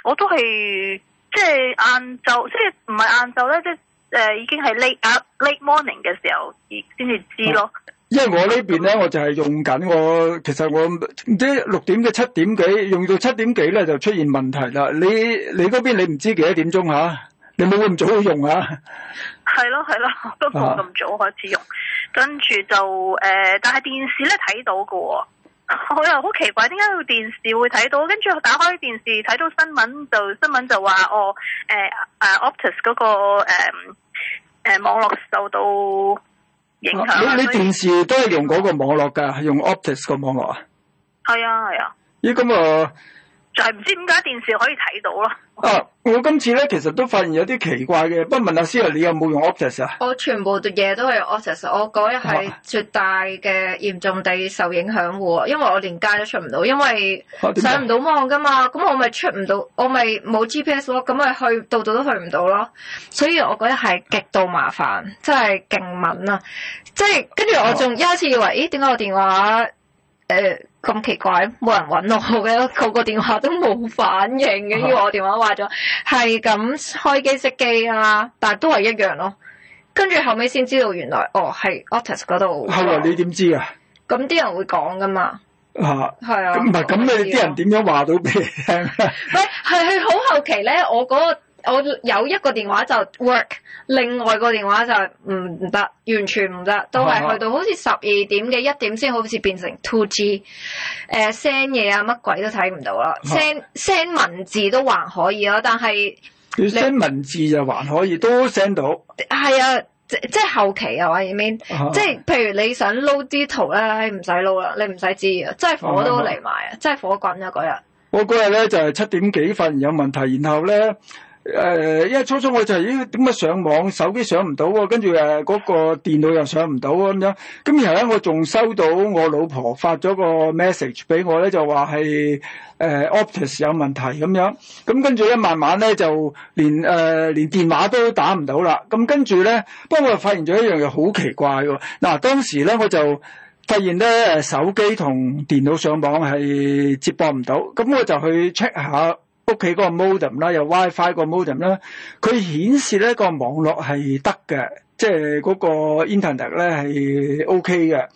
我都係即係晏晝，即係唔係晏晝咧，即係誒，已經係 late late morning 嘅時候先至知咯。因為我這邊呢邊咧、嗯，我就係用緊我，其實我唔知六點嘅七點幾，用到七點幾咧就出現問題啦。你你嗰邊你唔知幾多點鐘、啊、吓？你冇會咁早去用啊？係咯係咯，不過咁早開始用，啊、跟住就誒、呃，但係電視咧睇到噶，我又好奇怪，點解個電視會睇到？跟住打開電視睇到新聞，新聞就新聞就話哦誒誒、呃啊、Optus 嗰、那個誒誒、呃啊、網絡受到影響、啊。你電視都係用嗰個網絡噶，用 Optus 個網絡啊？係啊係啊。咦咁啊！就係唔知點解電視可以睇到咯。啊！我今次咧其實都發現有啲奇怪嘅。不過問阿思啊，你有冇用 Optus 啊？我全部嘢都係 Optus。我嗰日係絕大嘅嚴重地受影響喎，因為我連街都出唔到，因為上唔到網㗎嘛。咁我咪出唔到，我咪冇 GPS 咯。咁咪去到度都去唔到咯。所以我嗰日係極度麻煩，真係勁敏啊！即係跟住我仲有一次以為，咦？點解我電話誒？呃咁奇怪，冇人揾我嘅，我個電話都冇反應嘅，因為我電話話咗係咁開機熄機啊，但係都係一樣咯。跟住後尾先知道原來哦係 Optus 嗰度。後來、哦、你點知啊？咁啲人會講噶嘛？吓，係啊。咁唔係咁你啲人點樣話到俾你聽啊？喂、 哎，係好後期咧，我嗰、嗰個。我有一個電話就 work，另外一個電話就唔得，完全唔得，都係去到好似十二點嘅一點先，好似變成 two G、呃。誒 send 嘢啊，乜鬼都睇唔到啦。send send 文字都還可以咯，但係 send 文字就還可以都 send 到。係啊，即即後期啊我 I mean、啊、即係譬如你想撈啲圖咧，唔使撈啦，你唔使知道啊，真係火都嚟埋啊，真係火滾啊嗰日。我嗰日咧就係、是、七點幾發現有問題，然後咧。誒，因為初初我就係咦點解上網手機上唔到喎，跟住誒嗰個電腦又上唔到喎咁樣，咁然後咧我仲收到我老婆發咗個 message 俾我咧，就話係誒 Optus 有問題咁樣，咁跟住咧慢慢咧就連誒、呃、連電話都打唔到啦，咁跟住咧不過我又發現咗一樣嘢，好奇怪喎，嗱、啊、當時咧我就發現咧誒手機同電腦上網係接駁唔到，咁我就去 check 下。屋企嗰個 modem 啦，有 WiFi 個 modem 啦，佢顯示咧個網絡係得嘅，即係嗰個 internet 咧係 OK 嘅。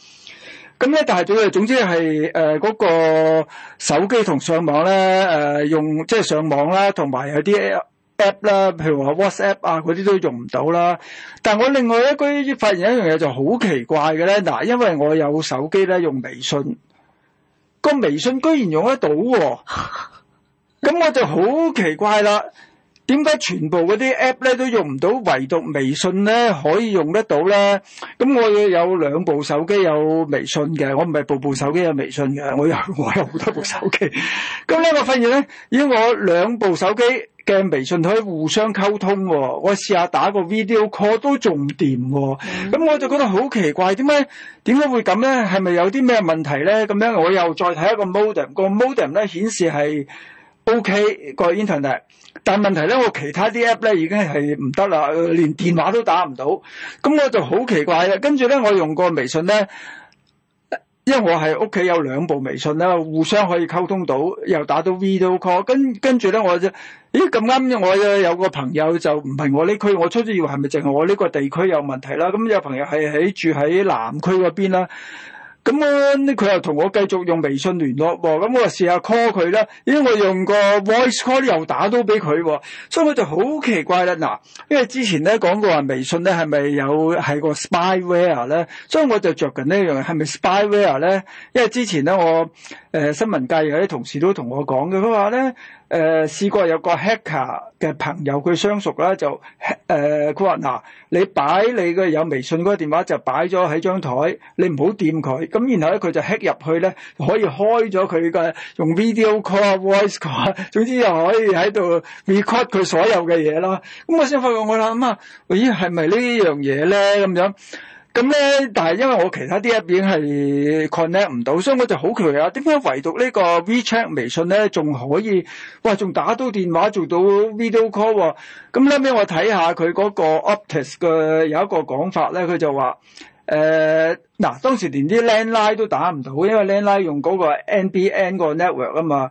咁咧、就是啊，但係總係總之係誒嗰個手機同上網咧誒用即係上網啦，同埋有啲 app 啦，譬如話 WhatsApp 啊，嗰啲都用唔到啦。但係我另外一個發現一樣嘢就好奇怪嘅咧，嗱，因為我有手機咧用微信，個微信居然用得到喎、哦。咁我就好奇怪啦，點解全部嗰啲 app 咧都用唔到，唯獨微信咧可以用得到咧？咁我有兩部手機有微信嘅，我唔係部部手機有微信嘅，我有我有好多部手機。咁咧我發現咧，如果我兩部手機嘅微信可以互相溝通喎，我試下打個 video call 都仲掂喎。咁我就覺得好奇怪，點解點解會咁咧？係咪有啲咩問題咧？咁樣我又再睇一個 modem，個 modem 咧顯示係。O.K. 個 internet，但問題咧，我其他啲 app 咧已經係唔得啦，連電話都打唔到。咁我就好奇怪啦。跟住咧，我用個微信咧，因為我喺屋企有兩部微信啦，互相可以溝通到，又打到 video call 跟。跟跟住咧，我就咦，咁啱，我有個朋友就唔係我呢區，我初初以為係咪淨係我呢個地區有問題啦。咁有朋友係喺住喺南區嗰邊啦。咁我咧，佢又同我繼續用微信聯絡喎、哦，咁我試下 call 佢啦，因為我用個 voice call 又打到俾佢，所以我就好奇怪啦。嗱，因為之前咧講過話微信咧係咪有係個 spyware 咧？所以我就着緊呢樣係咪 spyware 咧，因為之前咧我。誒、呃、新聞界有啲同事都同我講嘅，佢話咧誒試過有個 Hacker 嘅朋友，佢相熟啦，就誒佢話嗱，你擺你嘅有微信嗰個電話就擺咗喺張台，你唔好掂佢，咁然後咧佢就 hack 入去咧，可以開咗佢嘅用 video call、voice call，總之又可以喺度 record 佢所有嘅嘢啦。咁我先發覺我諗，啊咦係咪呢樣嘢咧？咁樣。咁咧，但係因為我其他啲一邊係 connect 唔到，所以我就好奇怪呀。啊！點解唯獨呢個 WeChat 微信咧，仲可以哇，仲打到電話做到 video call 喎？咁呢，屘我睇下佢嗰個 Optus 嘅有一個講法咧，佢就話：誒、呃、嗱、啊，當時連啲 landline 都打唔到，因為 landline 用嗰個 NBN 個 network 啊嘛。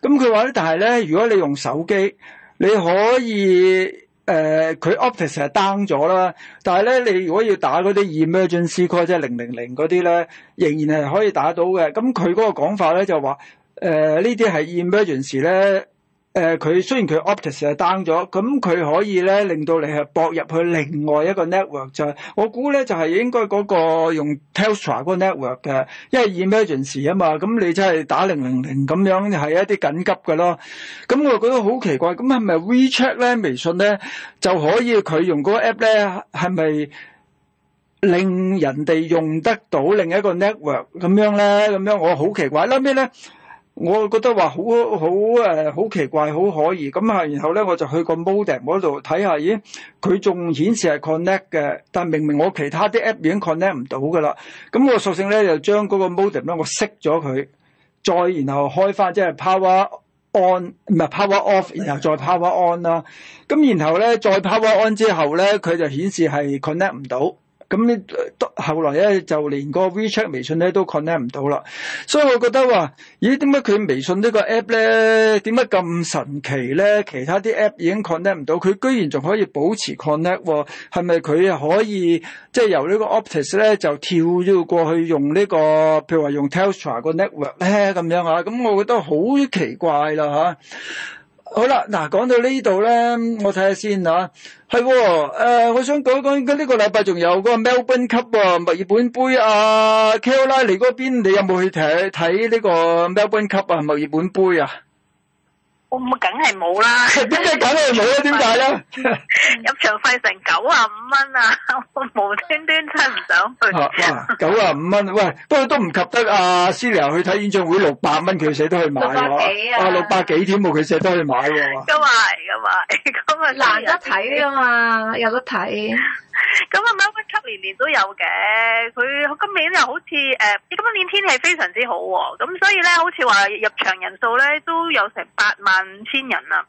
咁佢話咧，但係咧，如果你用手機，你可以。誒、呃，佢 Optus 係 down 咗啦，但係咧你如果要打嗰啲 emergency call 即係零零零嗰啲咧，仍然係可以打到嘅。咁佢嗰個講法咧就話誒、呃、呢啲係 emergency 咧。誒、呃、佢雖然佢 Optus 係 down 咗，咁佢可以咧令到你係駁入去另外一個 network 就係，我估咧就係、是、應該嗰、那個用 Telstra 嗰個 network 嘅，因為 emergency 啊嘛，咁你真係打零零零咁樣係一啲緊急嘅咯。咁我覺得好奇怪，咁係咪 WeChat 咧、微信咧就可以佢用嗰個 app 咧係咪令人哋用得到另一個 network 咁樣咧？咁樣我好奇怪啦咩咧？我覺得話好好好奇怪，好可疑咁啊！然後咧我就去個 modem 嗰度睇下，咦？佢仲顯示係 connect 嘅，但明明我其他啲 app 已經 connect 唔到㗎啦。咁我索性咧就將嗰個 modem 咧我熄咗佢，再然後開翻，即係 power on 唔係 power off，然後再 power on 啦。咁然後咧再 power on 之後咧，佢就顯示係 connect 唔到。咁呢後來咧，就連個 WeChat 微信咧都 connect 唔到啦。所以我覺得話，咦，點解佢微信呢個 app 咧，點解咁神奇咧？其他啲 app 已經 connect 唔到，佢居然仲可以保持 connect 喎、哦？係咪佢可以即係、就是、由個呢個 Optus 咧就跳咗過去用呢、這個，譬如話用 Telstra 個 network 咧咁樣呀？咁我覺得好奇怪啦嚇。好啦，嗱、啊，講到呢度咧，我睇下先吓、啊，係誒、哦呃，我想講講呢個禮拜仲有嗰個 Melbourne Cup，墨爾本杯啊 k a e e l a n 嗰邊你有冇去睇睇呢個 Melbourne Cup 啊，墨爾本杯啊？我咁梗係冇啦，點解梗係冇咧？點解咧？入場費成九啊五蚊啊，我無端端真係唔想去。哇，九啊五蚊，喂，不過都唔及得阿 Celia 去睇演唱會六百蚊，佢捨得去買喎。六百幾啊？六百幾添喎，佢捨得去買喎。咁咪，咁咪，咁咪難得睇㗎嘛，有得睇。咁、嗯、啊，墨爾本盃年年都有嘅，佢今年又好似誒，咁、呃、今年天氣非常之好喎，哦，咁、嗯、所以咧，好似話入場人數咧都有成八萬五千人啦，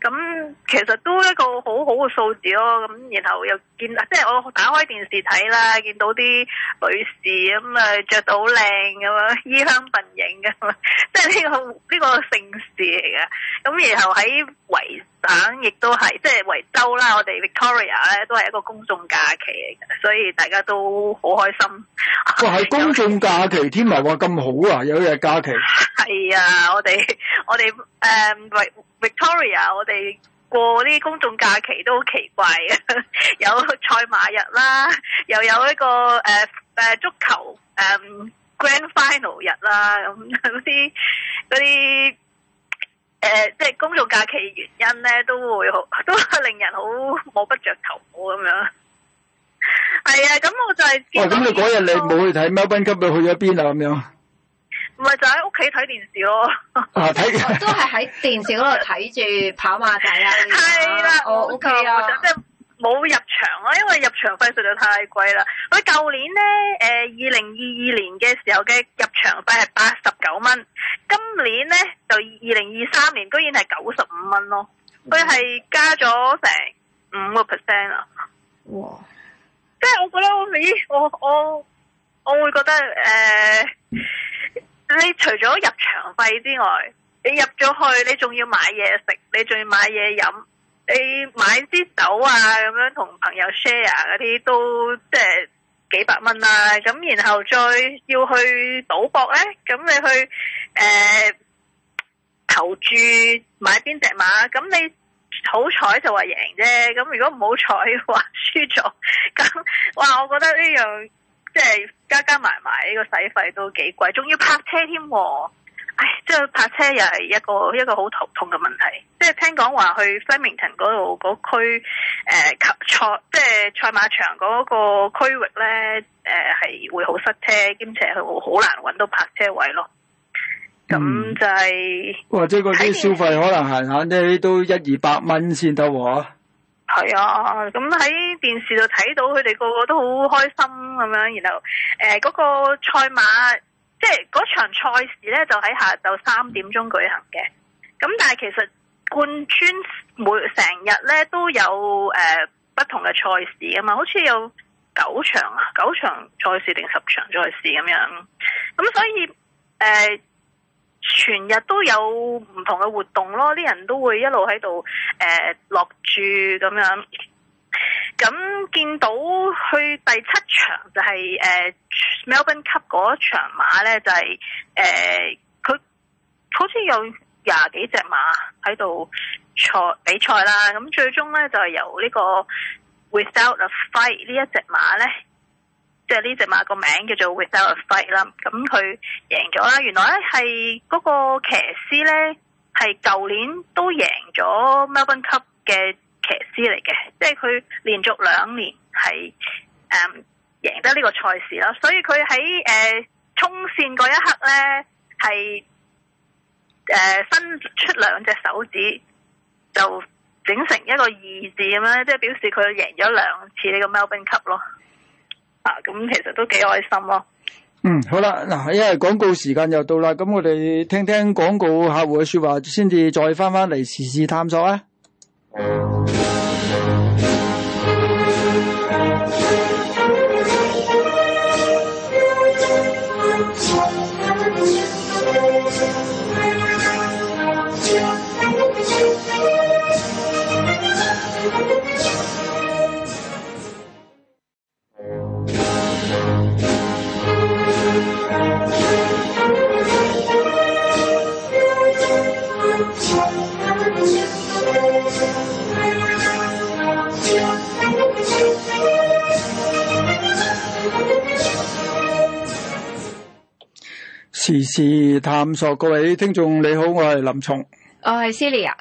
咁、嗯、其實都一個好好嘅數字咯，哦，咁、嗯、然後又。見即係我打開電視睇啦，見到啲女士咁啊，着到好靚咁樣，衣香鬢影噶，即係呢個呢個盛事嚟嘅。咁然後喺維省亦都係，即係維州啦，我哋 Victoria 咧都係一個公眾假期，嚟嘅，所以大家都好開心。哇！係公眾假期，添埋話咁好啊，有日假期。係啊，我哋我哋誒、um, Victoria，我哋。過啲公眾假期都好奇怪 有賽馬日啦，又有呢個誒誒、呃、足球誒、呃、Grand Final 日啦，咁嗰啲嗰啲誒即係公眾假期原因咧，都會好都係令人好摸不着頭腦咁樣。 係啊，咁我就係、哦。哇！咁你嗰日你冇去睇 Melbourne Cup 去咗邊啊？咁樣。唔係就喺屋企睇電視咯，啊， 啊、看 都係喺電視嗰度睇住跑馬仔， 哦哦 okay，啊！係啦，O K 啊，即係冇入場咯，因為入場費實在太貴啦。佢舊年咧，誒、呃，二零二二年嘅時候嘅入場費係八十九蚊，今年咧就二零二三年，居然係九十五蚊咯。佢係加咗成五個 percent 啦。哇！即係我覺得我咦，我我我，我會覺得誒。呃 你除咗入場費之外，你入咗去，你仲要買嘢食，你仲要買嘢飲，你買啲酒啊咁樣同朋友 share 嗰啲都即係幾百蚊啦，啊。咁然後再要去賭博咧，咁你去誒、呃、投注買邊隻馬，咁你好彩就話贏啫。咁如果唔好彩嘅話輸咗，咁哇，我覺得呢樣。即、就、係、是、加加埋埋呢個使費都幾貴，仲要泊車添，唉，即、就、係、是、泊車又係一個一個好頭痛嘅問題。即、就、係、是、聽講話去 Flemington 嗰度嗰區，誒，及賽即係賽馬場嗰個區域咧，誒、呃、係會好塞車，兼且係好難搵到泊車位咯。咁就係或者嗰啲消費可能閒閒哋都一二百蚊先得喎。係啊，咁喺電視度睇到佢哋個個都好開心咁樣，然後嗰、呃嗰個賽馬，即係嗰場賽事咧就喺下晝三點鐘舉行嘅。咁但係其實貫穿每成日咧都有誒、呃、不同嘅賽事㗎嘛，好似有九場啊，九場賽事定十場賽事咁樣。咁所以誒。呃全日都有唔同嘅活動咯，啲人都會一路喺度誒落注咁樣。咁見到去第七場就係誒 Melbourne Cup 嗰場馬咧，就係誒佢好似有廿幾隻馬喺度賽比賽啦。咁最終咧就係由呢個 Without a Fight 呢一隻馬咧。即係呢隻馬個名叫做 Without a Fight 啦，咁佢贏咗啦。原來咧係嗰個騎師咧係舊年都贏咗 Melbourne Cup 嘅騎師嚟嘅，即係佢連續兩年係誒贏得呢個賽事啦。所以佢喺誒衝線嗰一刻咧係誒伸出兩隻手指，就整成一個二字咁樣，即係表示佢贏咗兩次呢個 Melbourne Cup 咯。咁其實都幾開心咯。嗯，好啦，嗱，因為廣告時間又到啦，咁我哋聽聽廣告客戶嘅說話，先至再翻翻嚟時事探索啊。時事探索，各位聽眾你好，我係林松，我係 Celia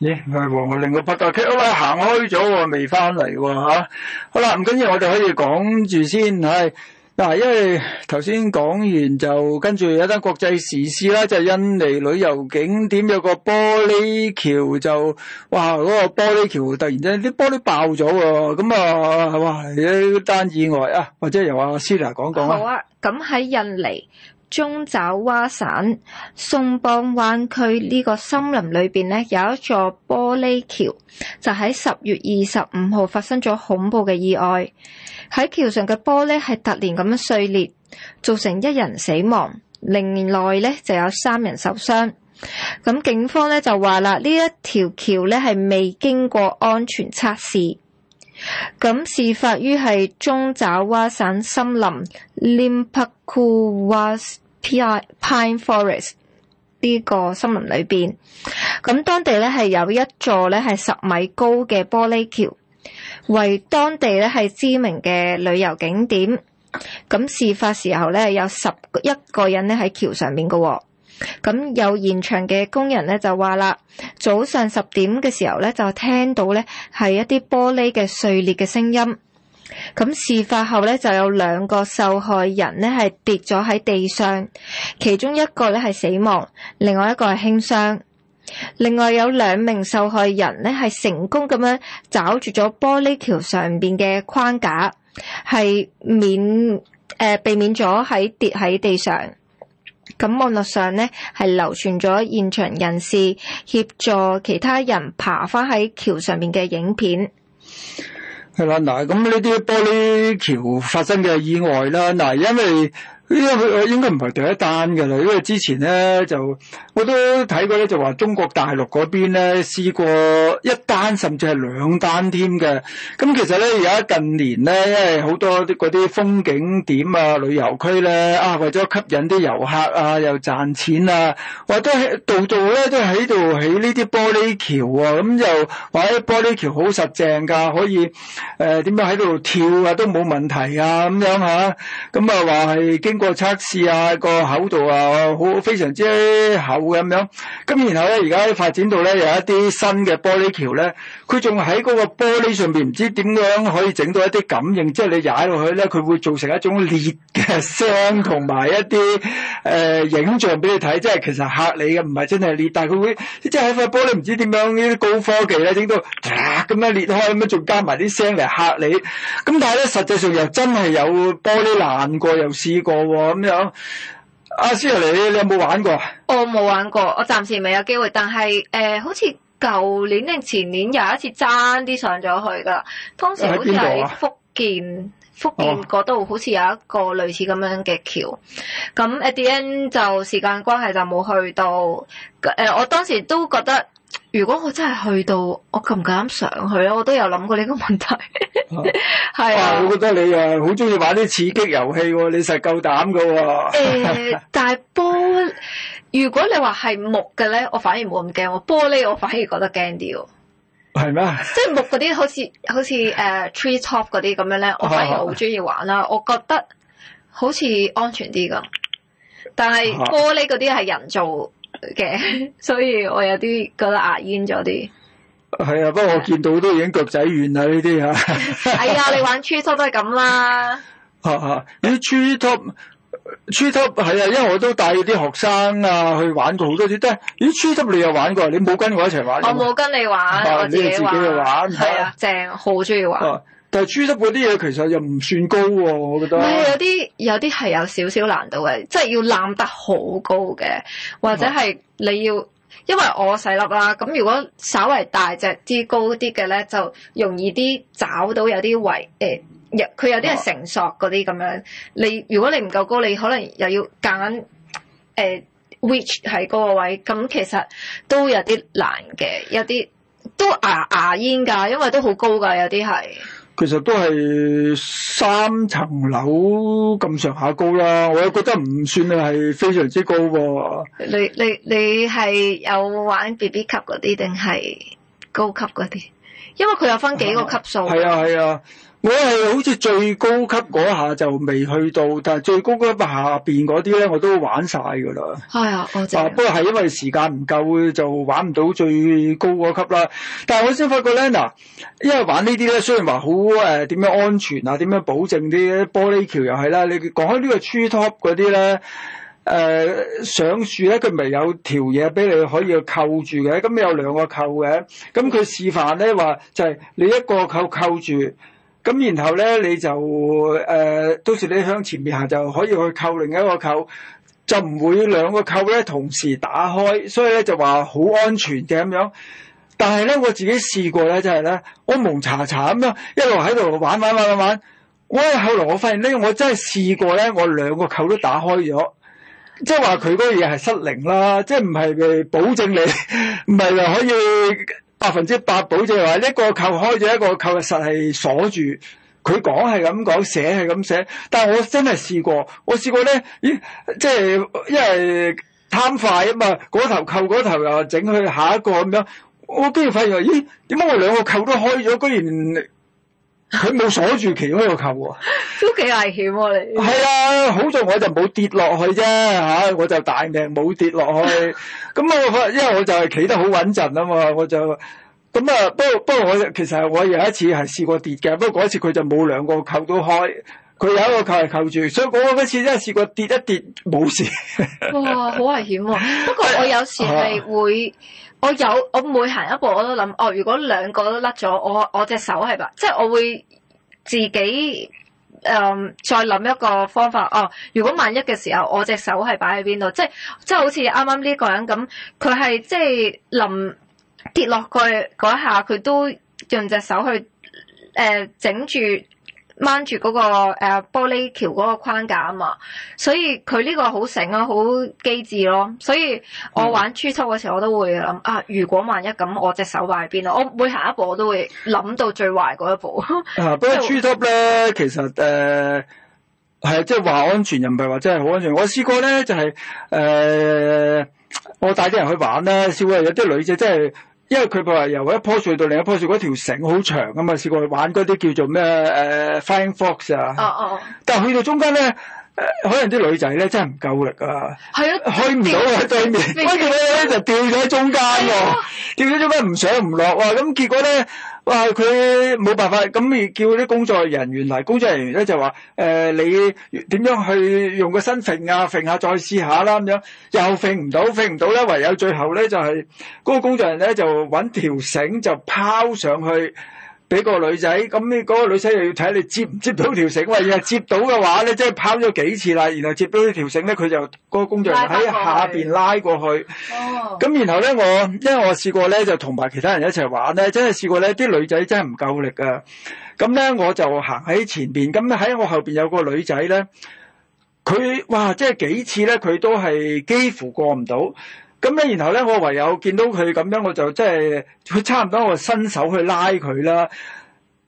咦，係黃浩玲個伯伯，佢行、哎哎、開咗未翻嚟喎？吓、啊，好啦，唔緊要，我哋可以講住先，係。嗱，因為頭先講完就跟住有一單國際時事啦，就係，印尼旅遊景點有個玻璃橋就哇，嗰，嗰個玻璃橋突然間啲玻璃爆咗喎，咁啊係嘛，一單意外啊，或者由阿 Sir 講講啊。好啊，咁喺印尼。中爪哇省松邦灣區呢個森林裏邊咧，有一座玻璃橋，就喺十月二十五號發生咗恐怖嘅意外。喺橋上嘅玻璃係突然咁樣碎裂，造成一人死亡，另外咧就有三人受傷。咁警方咧就話啦，呢一條橋咧係未經過安全測試。咁事發於係中爪哇省森林 Limpakuwa Pine Forest 呢個森林裏面，咁當地咧係有一座咧係十米高嘅玻璃橋，為當地咧係知名嘅旅遊景點。咁事發時候咧，有十一個人咧喺橋上面嘅。咁有現場嘅工人咧就話啦，早上十點嘅時候咧就聽到咧係一啲玻璃嘅碎裂嘅聲音。咁事發後咧，就有兩個受害人呢係跌咗喺地上，其中一個咧係死亡，另外一個係輕傷。另外有兩名受害人呢係成功咁樣找住咗玻璃橋上面嘅框架，係免誒、呃、避免咗喺跌喺地上。咁網絡上呢係流傳咗現場人士協助其他人爬返喺橋上面嘅影片。係、嗯、啦，嗱，咁呢啲玻璃橋發生嘅意外啦，嗱、嗯，因為。呢個佢應該唔係第一單嘅啦，因為之前咧就我都睇過咧，就話中國大陸嗰邊咧試過一單甚至係兩單添嘅。咁其實咧，而家近年咧，因為好多嗰啲風景點啊、旅遊區咧，啊，為咗吸引啲遊客啊，又賺錢啊，或者度度咧都喺度起呢啲玻璃橋啊。咁又話啲玻璃橋好實淨㗎，可以誒點、呃、樣喺度跳啊都冇問題啊咁樣嚇、啊。咁啊話係經個測試啊，個厚度啊，好非常之厚嘅咁樣。咁然後咧，而家發展到咧有一啲新嘅玻璃橋咧，佢仲喺嗰個玻璃上邊唔知點樣可以整到一啲感應，即係你踩落去咧，佢會造成一種裂嘅聲同埋一啲誒影像俾你睇，即係其實嚇你嘅，唔係真係裂，但係佢會即係喺塊玻璃唔知點樣呢啲高科技咧整到呃、咁樣裂開，咁樣仲加埋啲聲嚟嚇你。咁但係咧，實際上又真係有玻璃爛過，又試過。咁樣，阿 Sir 啊，你你有冇玩過？我冇玩過，我暫時未有機會。但係誒、呃，好似舊年定前年有一次爭啲上咗去噶，當時好似喺福建福建嗰度，好似有一個類似咁樣嘅橋。咁 ADN 就時間關係就冇去到。誒、呃，我當時都覺得。如果我真係去到，我夠唔夠膽上去咧？我都有諗過呢個問題。係啊， 啊，啊，我覺得你啊，好中意玩啲刺激遊戲喎，你實夠膽噶喎。誒、欸，但係玻璃，如果你話係木嘅咧，我反而冇咁驚。玻璃我反而覺得驚啲、啊。係咩？即係木嗰啲，好似好似誒，tree top 嗰啲咁樣咧，我反而好中意玩啦、啊啊。我覺得好似安全啲噉，但係玻璃嗰啲係人造。嘅、okay，所以我有啲覺得牙煙咗啲。係啊，啊，不過我見到都已經腳仔軟啦呢啲嚇。係啊、哎呀，你玩 Treetop 都係咁啦。啊啊，啲、欸、Treetop，Treetop 係啊，因為我都帶啲學生啊去玩過好多次，都係。咦、欸、Treetop 你又玩過？你冇跟我一齊玩。我冇跟你玩，啊、我自己，你自己去玩。係啊，啊，啊，正，好中意玩。啊但係，豬汁嗰啲嘢其實又唔算高喎、啊，我覺得、啊嗯。係有啲有啲係有少少難度嘅，即、就、係、是、要攬得好高嘅，或者係你要因為我細粒啦。咁如果稍為大隻啲、高啲嘅咧，就容易啲找到有啲位誒。佢、欸、有啲係成索嗰啲咁樣。你如果你唔夠高，你可能又要揀誒、欸、which 喺嗰個位咁，咁其實都有啲難嘅，有啲都牙牙煙㗎，因為都好高㗎，有啲係。其實都係三層樓咁上下高啦，我又覺得唔算係非常之高喎。你你你係有玩 BB 級嗰啲定係高級嗰啲？因為佢有分幾個級數。係啊係啊。啊我係好似最高級嗰下就未去到，但係最高級下邊嗰啲咧，我都玩曬㗎啦。係 啊，嗱，不過係因為時間唔夠，就玩唔到最高嗰級啦。但係我先發覺咧，嗱，因為玩呢啲咧，雖然話好誒點樣安全啊，點樣保證啲玻璃橋又係啦。你講開呢個 tree top 嗰啲咧，誒、呃、上樹咧，佢咪有條嘢俾你可以扣住嘅。咁你有兩個扣嘅，咁佢示範咧話就係你一個扣扣住。咁然後咧，你就誒，到、呃、時你向前面行就可以去扣另一個扣，就唔會兩個扣咧同時打開，所以咧就話好安全嘅咁樣。但係咧，我自己試過咧，就係、係、咧，我蒙查查咁樣一路喺度玩玩玩玩玩，喂，後來我發現呢，我真係試過咧，我兩個扣都打開咗，即係話佢嗰嘢係失靈啦，即係唔係保證你，唔係可以。百分之百保證話一個扣開咗一個扣，實係鎖住。佢講係咁講，寫係咁寫。但係我真係試過，我試過咧，咦，即係因為貪快啊嘛，嗰、那個、頭扣嗰、那個、頭又整去下一個咁樣。我居然發現話，咦，點解我兩個扣都開咗，居然？佢 冇鎖住其中一個球喎，都幾危險喎、啊、你。係啊，好在我就冇跌落去啫、啊、我就大命冇跌落去。咁 啊，因為我就係企得好穩陣啊嘛，我就咁啊，不過不過我其實我有一次係試過跌嘅，不過嗰一次佢就冇兩個扣都開，佢有一個扣係扣住，所以嗰嗰次真係試過跌一跌冇事。哇，好危險喎、啊！ 不過我有時係會。啊啊我有我每行一步，我都諗哦，如果兩個都甩咗，我我隻手係吧，即係我會自己、嗯、再諗一個方法哦。如果萬一嘅時候，我隻手係擺喺邊度，即係即係好似啱啱呢個人咁，佢係即係臨跌落去嗰一下，佢都用隻手去誒、呃、整住。掹住嗰個玻璃橋嗰個框架啊嘛，所以佢呢個好醒啊，好機智咯、啊。所以我玩初級嘅時候，我都會諗啊，如果萬一咁，我隻手擺喺邊啊？我每下一步我都會諗到最壞嗰一步、嗯。不、啊、過初級咧，其實誒係、呃、即係話安全人，又唔係話真係好安全。我試過咧，就係、是、誒、呃，我帶啲人去玩咧，試過有啲女仔真係～因為佢話由一棵樹到另一棵樹嗰條繩好長啊嘛，試過去玩嗰啲叫做咩誒 Flying Fox 啊，uh -uh. 但係去、呃啊 啊、到中間咧，可能啲女仔咧真係唔夠力啊，係啊，去唔到喺對面，跟住咧就掉咗喺中間喎，吊咗中間唔上唔落啊。咁結果咧。哇！佢冇辦法咁，叫啲工作人員嚟。工作人員咧就話：誒、呃，你點樣去用個身揈啊揈下、啊、再試下啦、啊、咁樣，又揈唔到，揈唔到咧，唯有最後咧就係、是、嗰、那個工作人咧就揾條繩就拋上去。俾個女仔咁，呢嗰個女仔又要睇你接唔接到條繩。喂，若接到嘅話咧， 即係拋咗幾次啦，然後接到條繩咧，佢就個工作人員喺下面拉過去。哦。咁然後咧，我因為我試過咧，就同埋其他人一齊玩咧，試呢真係試過咧，啲女仔真係唔夠力啊。咁咧，我就行喺前面。咁喺我後面有個女仔咧，佢哇，即係幾次咧，佢都係幾乎過唔到。咁樣，然後咧，我唯有見到佢咁樣，我就即係佢差唔多，我伸手去拉佢啦。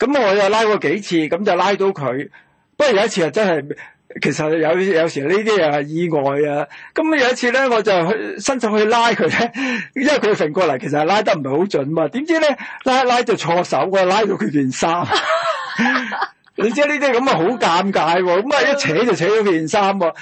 咁我又拉過幾次，咁就拉到佢。不過有一次啊，真係其實有有時呢啲啊意外啊。咁有一次咧，我就去伸手去拉佢咧，因為佢揈過嚟，其實拉得唔係好準嘛。點知咧，拉一拉就錯手，我拉到佢件衫。 你知呢啲咁啊好尷尬喎、哦。咁啊一扯就扯到件衫喎。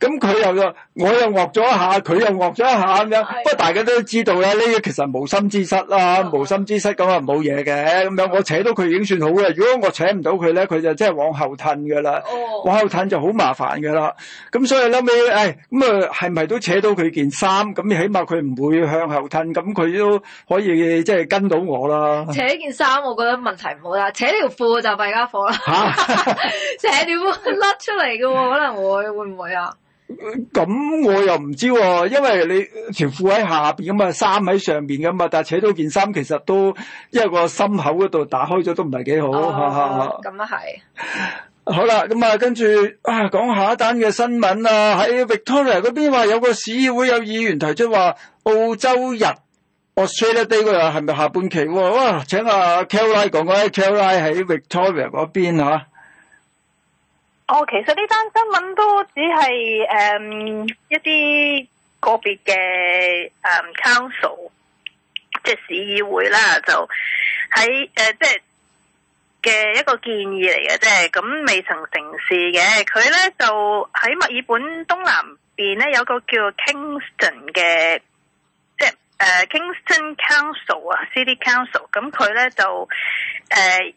咁佢又，我又惡咗一下，佢又惡咗一下咁樣。不過大家都知道啦，呢個其實無心之失啦，無心之失咁啊冇嘢嘅。咁樣我扯到佢已經算好啦，如果我扯唔到佢咧，佢就真係往後褪㗎啦。往後褪就好麻煩㗎啦。咁所以後尾，誒咁啊，係咪都扯到佢件衫？咁起碼佢唔會向後褪，咁佢都可以即係、就是、跟到我啦。扯件衫，我覺得問題唔大。扯條褲就弊家伙啦。啊、 扯條甩出嚟嘅喎，可能會 會唔會啊？咁我又唔知喎、哦，因為你條褲喺下面咁嘛，衫喺上面咁嘛。但扯到件衫其實都一個心口嗰度打開咗都唔係幾好，咁啊係。好啦，咁、嗯、啊跟住啊講下一單嘅新聞啊。喺 Victoria 嗰邊話有個市議會有議員提出話澳洲日 Australia Day 嗰日係咪下半旗喎、啊？哇！請阿 Kelly 講下 Kelly 喺 Victoria 嗰邊啊。哦，其實呢單新聞都只係、嗯、一啲個別嘅、嗯、council，即係市議會啦，就喺誒即係嘅一個建議嚟嘅，即係咁未曾成事嘅。佢咧就喺墨爾本東南邊咧有個叫 Kingston 嘅，即係誒、Kingston Council 啊，City Council、嗯。咁佢咧就、呃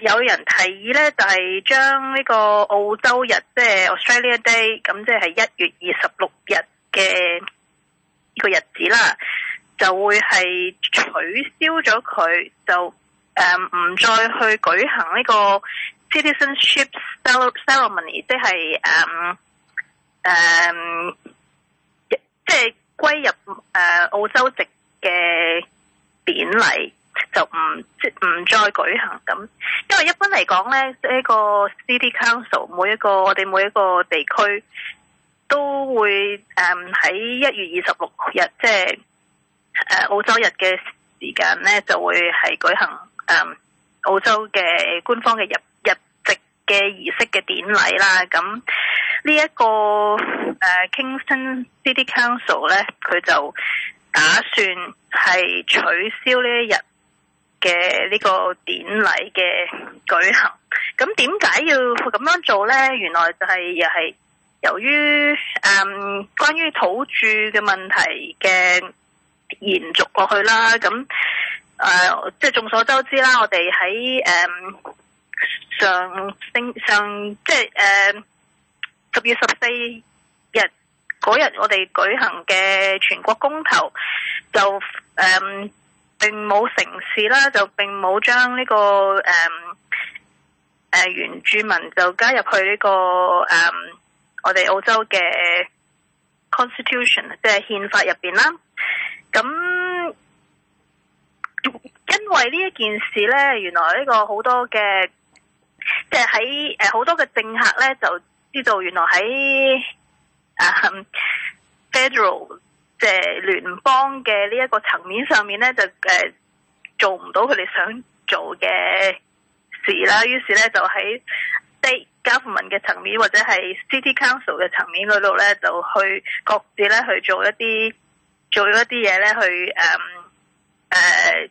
有人提議咧，就係將呢個澳洲日，即係 Australia Day，咁即係一月二十六日嘅呢個日子啦，就會係取消咗佢，就誒唔再去舉行呢個 citizenship ceremony，即係誒誒，即係歸入誒澳洲籍嘅典禮。就唔即係唔再舉行咁，因為一般嚟講咧，呢、這個 City Council 每一個我哋每一個地區都會誒喺一月二十六日，即係誒澳洲日嘅時間咧，就會係舉行誒、嗯、澳洲嘅官方嘅入入籍嘅儀式嘅典禮啦。咁呢一個誒、呃、Kingston City Council 咧，佢就打算係取消呢一日嘅呢個典禮嘅舉行，咁點解要咁樣做咧？原來就係又係由於誒、嗯、關於土著嘅問題嘅延續過去啦。咁誒即係眾所周知啦，我哋喺誒上星上，即係誒十月十四日嗰日，我哋舉行嘅全國公投就誒，嗯並冇成事啦，就並冇將呢個誒誒、嗯呃、原住民就加入去、這、呢個誒、嗯、我哋澳洲嘅 constitution，即係憲法入邊啦。咁因為呢一件事咧，原來呢個好多嘅即係喺誒好多嘅政客咧就知道，原來喺誒、呃、federal。即係聯邦嘅呢一個層面上面咧，就誒做唔到佢哋想做嘅事啦。於是咧，就喺 state government 嘅層面，或者係 city council 嘅層面裏度咧，就去各自咧去做一啲做一啲嘢咧，去誒誒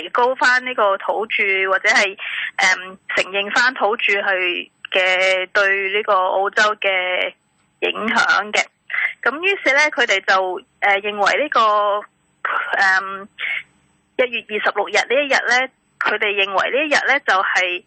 提高翻呢個土著，或者係誒、嗯、承認翻土著去嘅對呢個澳洲嘅影響嘅。咁於是咧，佢哋就誒、呃、認為、呢個嗯、1呢呢個誒一月二十六日呢一日咧，佢哋認為呢一呢一日咧就係、是、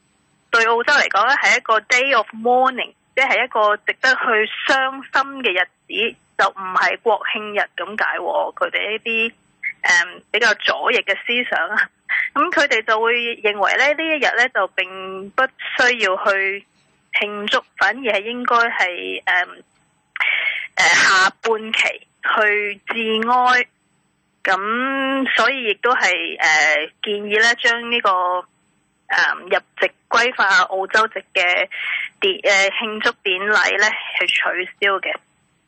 對澳洲嚟講咧係一個 day of mourning 即係一個值得去傷心嘅日子，就唔係國慶日咁解。佢哋呢啲誒比較左翼嘅思想啊，咁佢哋就會認為咧呢呢一日咧就並不需要去慶祝，反而係應該係誒。嗯誒，下半旗去致哀，咁所以亦都係誒建議咧，將呢個誒入籍歸化澳洲籍嘅典誒慶祝典禮咧去取消嘅。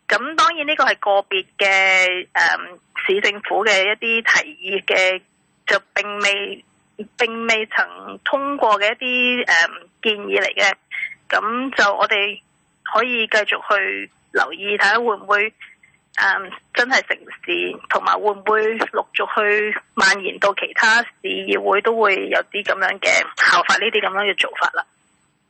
咁當然呢個係個別嘅誒市政府嘅一啲提議嘅，就並未並未曾通過嘅一啲誒、嗯、建議嚟嘅。咁就我哋可以繼續去。留意睇下會唔會，嗯，真係城市同埋會唔會陸續去蔓延到其他市議會都會有啲咁樣嘅效法呢啲咁樣嘅做法啦。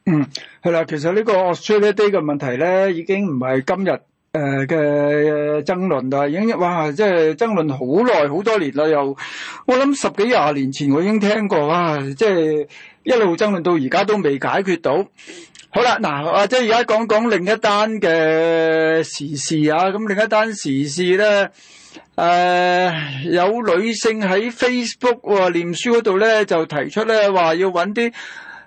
嗯，係啦，其實呢個 Australia Day 嘅問題咧，已經唔係今日。誒、呃、嘅爭論啊，已經哇，即係爭論好耐，好多年啦。又我諗十幾廿年前我已經聽過，哇，即係一路爭論到而家都未解決到。好啦，嗱、呃，即係而家講講另一單嘅時事啊。咁另一單時事咧，誒、呃，有女性喺 Facebook、哦、念書嗰度咧，就提出咧話要搵啲。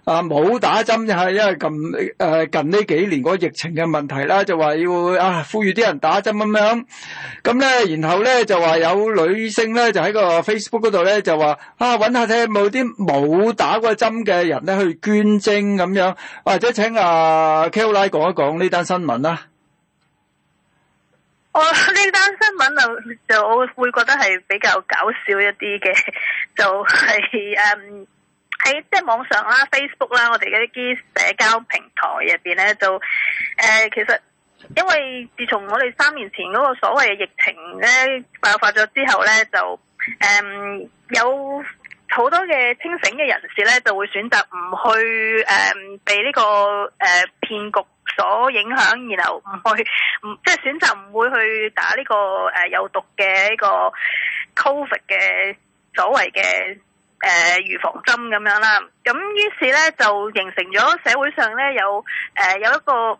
啊，冇打針就係因為近誒、啊、近呢幾年嗰個疫情嘅問題啦，就話要啊呼籲啲人打針咁樣，咁咧然後咧就話有女性咧就喺個 Facebook 嗰度咧就話啊，搵下睇有冇啲冇打過針嘅人咧去捐精咁樣，或者請阿 Kelie 講一講呢單新聞啦。哦、聞我呢單新聞就我會覺得係比較搞笑一啲嘅，就係、是、誒。Um 喺即係網上啦，Facebook 啦，我哋嗰啲啲社交平台入邊咧，就，呃、誒，其實因為自從我哋三年前嗰個所謂嘅疫情咧爆發咗之後咧，就，呃、誒有好多嘅清醒嘅人士咧，就會選擇唔去誒、呃、被呢、這個誒騙、呃、局所影響，然後唔去唔即係選擇唔會去打呢、這個誒、呃、有毒嘅呢個 COVID 嘅所謂嘅。誒、呃、預防針咁樣啦，咁於是咧就形成咗社會上咧有誒、呃、有一個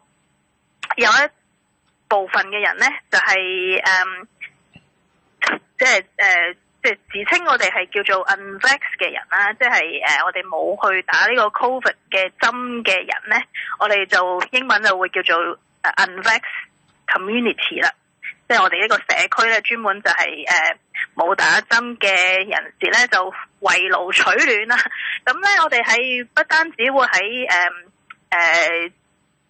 有一部分嘅人咧，就係誒即係誒即係自稱我哋係叫做 unvax 嘅人啦，即係誒我哋冇去打呢個 COVID 嘅針嘅人咧，我哋就英文就會叫做 unvax community 啦。即係我哋呢個社區咧，專門就係誒冇打針嘅人士咧，就圍爐取暖啦。咁咧，我哋係不單止會喺誒誒，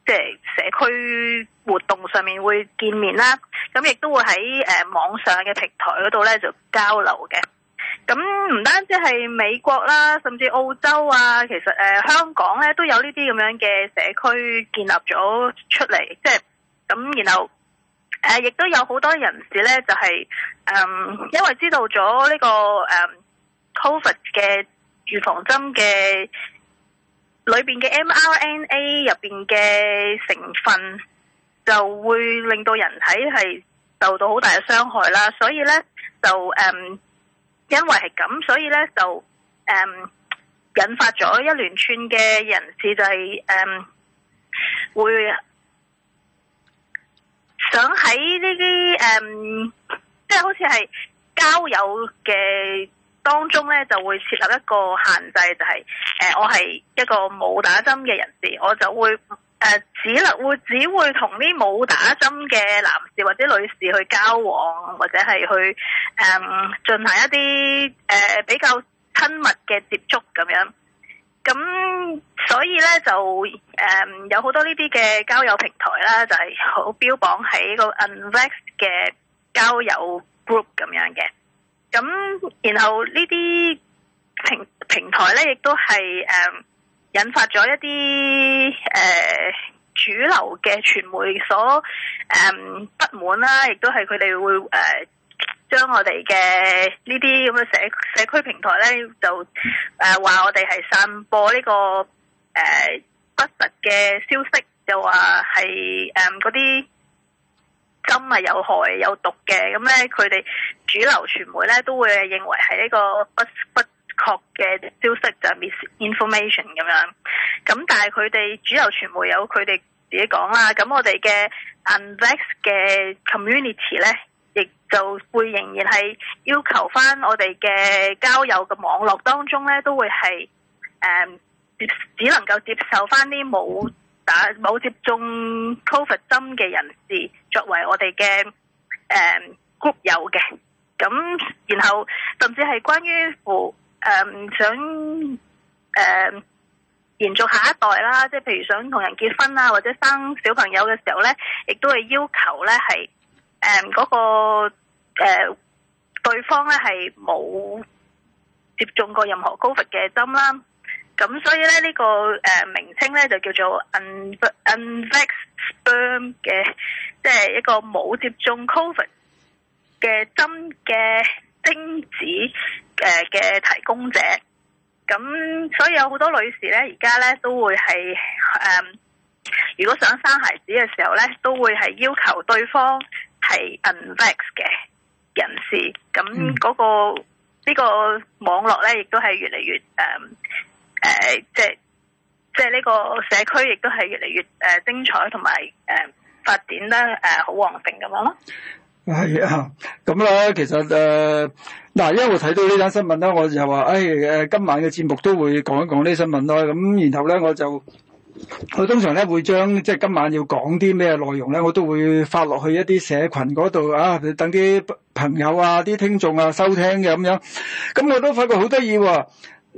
即係社區活動上面會見面啦，咁亦都會喺誒、呃、網上嘅平台嗰度咧就交流嘅。咁唔單止係美國啦，甚至澳洲啊，其實誒、呃、香港咧都有呢啲咁樣嘅社區建立咗出嚟。即係咁，那然後。誒、呃，亦都有好多人士咧，就係、是，誒、嗯、因為知道咗呢、這個誒、嗯，Covid 嘅預防針嘅裏邊嘅 mRNA 入邊嘅成分，就會令到人體係受到好大嘅傷害啦。所以咧，就誒、嗯，因為係咁，所以咧就誒、嗯，引發咗一連串嘅人士就係、是、誒、嗯，會。想喺呢啲誒，即、嗯、係、就是、好似係交友嘅當中咧，就會設立一個限制，就係、是、誒、呃、我係一個冇打針嘅人士，我就會誒只能會只會同啲冇打針嘅男士或者女士去交往，或者係去誒進、嗯、行一啲誒、呃、比較親密嘅接觸，咁樣，咁。所以咧就誒、嗯、有好多呢啲嘅交友平台啦，就係、是、好標榜喺個 unvex 嘅交友 group 咁樣嘅。咁然後呢啲平平台咧，亦都係誒、嗯、引發咗一啲誒、呃、主流嘅傳媒所誒、嗯、不滿啦，亦都係佢哋會誒、呃、將我哋嘅呢啲咁嘅社社區平台咧，就誒話、呃、我哋係散播呢、這個。誒、呃、不實嘅消息，又話係誒嗰啲針係有害有毒嘅，咁咧佢哋主流傳媒咧都會認為係呢個不不確嘅消息，就係、misinformation 咁樣。咁但係佢哋主流傳媒有佢哋自己講啦，咁我哋嘅 unvex 嘅 community 咧，亦就會仍然係要求翻我哋嘅交友嘅網絡當中咧，都會係誒。嗯只能夠接受翻啲冇打冇接種 Covid 針嘅人士作為我哋嘅誒谷友嘅，咁然後甚至係關於乎誒、呃、想誒、呃、延續下一代啦，即係譬如想同人結婚啦，或者生小朋友嘅時候咧，亦都係要求咧係誒嗰個誒、呃、對方咧係冇接種過任何 Covid 嘅針啦。咁所以咧呢、呢個誒名稱咧就叫做 unvax sperm 嘅，即、就、係、係、一個冇接種 COVID 嘅針嘅精子誒嘅提供者。咁所以有好多女士咧，而家咧都會係誒，如果想生孩子嘅時候咧，都會係要求對方係 unvax 嘅人士。咁嗰、嗰個呢、嗯呢個網絡咧，亦都係越嚟越誒。嗯誒、呃，即係即係呢個社區亦都係越嚟越誒精彩，同埋誒發展得誒好旺盛咁樣咯。係啊，咁咧其實誒嗱、呃，因為我睇到呢單新聞咧，我就話誒誒今晚嘅節目都會講一講呢新聞咯。咁然後咧我就我通常咧會將即係今晚要講啲咩內容咧，我都會發落去一啲社群嗰度啊，等啲朋友啊、啲聽眾啊收聽嘅咁樣。咁我都發覺好得意喎。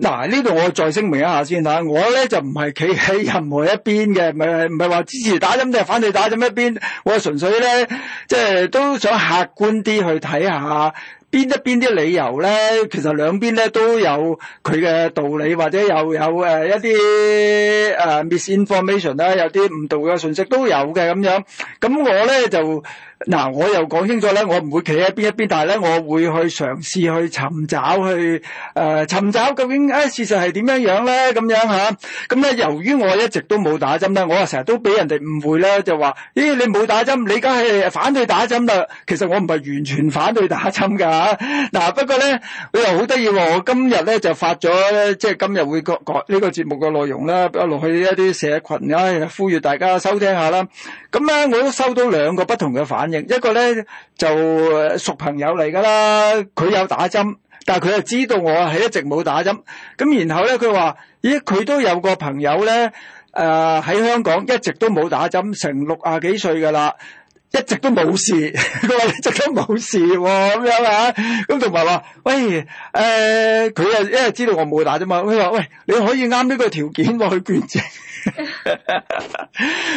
嗱、啊，呢度我再聲明一下先，我咧就唔係企喺任何一邊嘅，唔係唔係話支持打針定係反對打針一邊。我純粹咧即係都想客觀啲去睇下邊一邊啲理由咧，其實兩邊咧都有佢嘅道理，或者又有，有，有、呃呃啊、有一啲 misinformation 啦，有啲誤導嘅信息都有嘅咁樣。咁、嗯、我咧就。嗱、啊，我又講清楚咧，我唔會企喺邊一邊，但係咧，我會去嘗試去尋找，去誒、呃、尋找究竟、哎、事實係點樣呢樣咧？咁樣吓。咁、嗯、咧由於我一直都冇打針咧，我啊成日都俾人哋誤會咧，就話咦、哎、你冇打針，你梗係反對打針啦？其實我唔係完全反對打針㗎嗱、啊、不過咧，我又好得意喎，我今日咧就發咗即係今日會改改呢個節目嘅內容啦，落去一啲社群，呀、哎，呼籲大家收聽下啦。咁、啊、咧我都收到兩個不同嘅反應。一個咧就熟朋友嚟噶啦，佢有打針，但係佢又知道我係一直冇打針。咁然後咧，佢話咦，佢都有個朋友咧，誒、呃、喺香港一直都冇打針，成六啊幾歲噶啦，一直都冇事，佢 話一直都冇事咁樣啊。咁同埋話喂，誒佢又因為知道我冇打針嘛，佢話喂，你可以啱呢個條件落去捐精。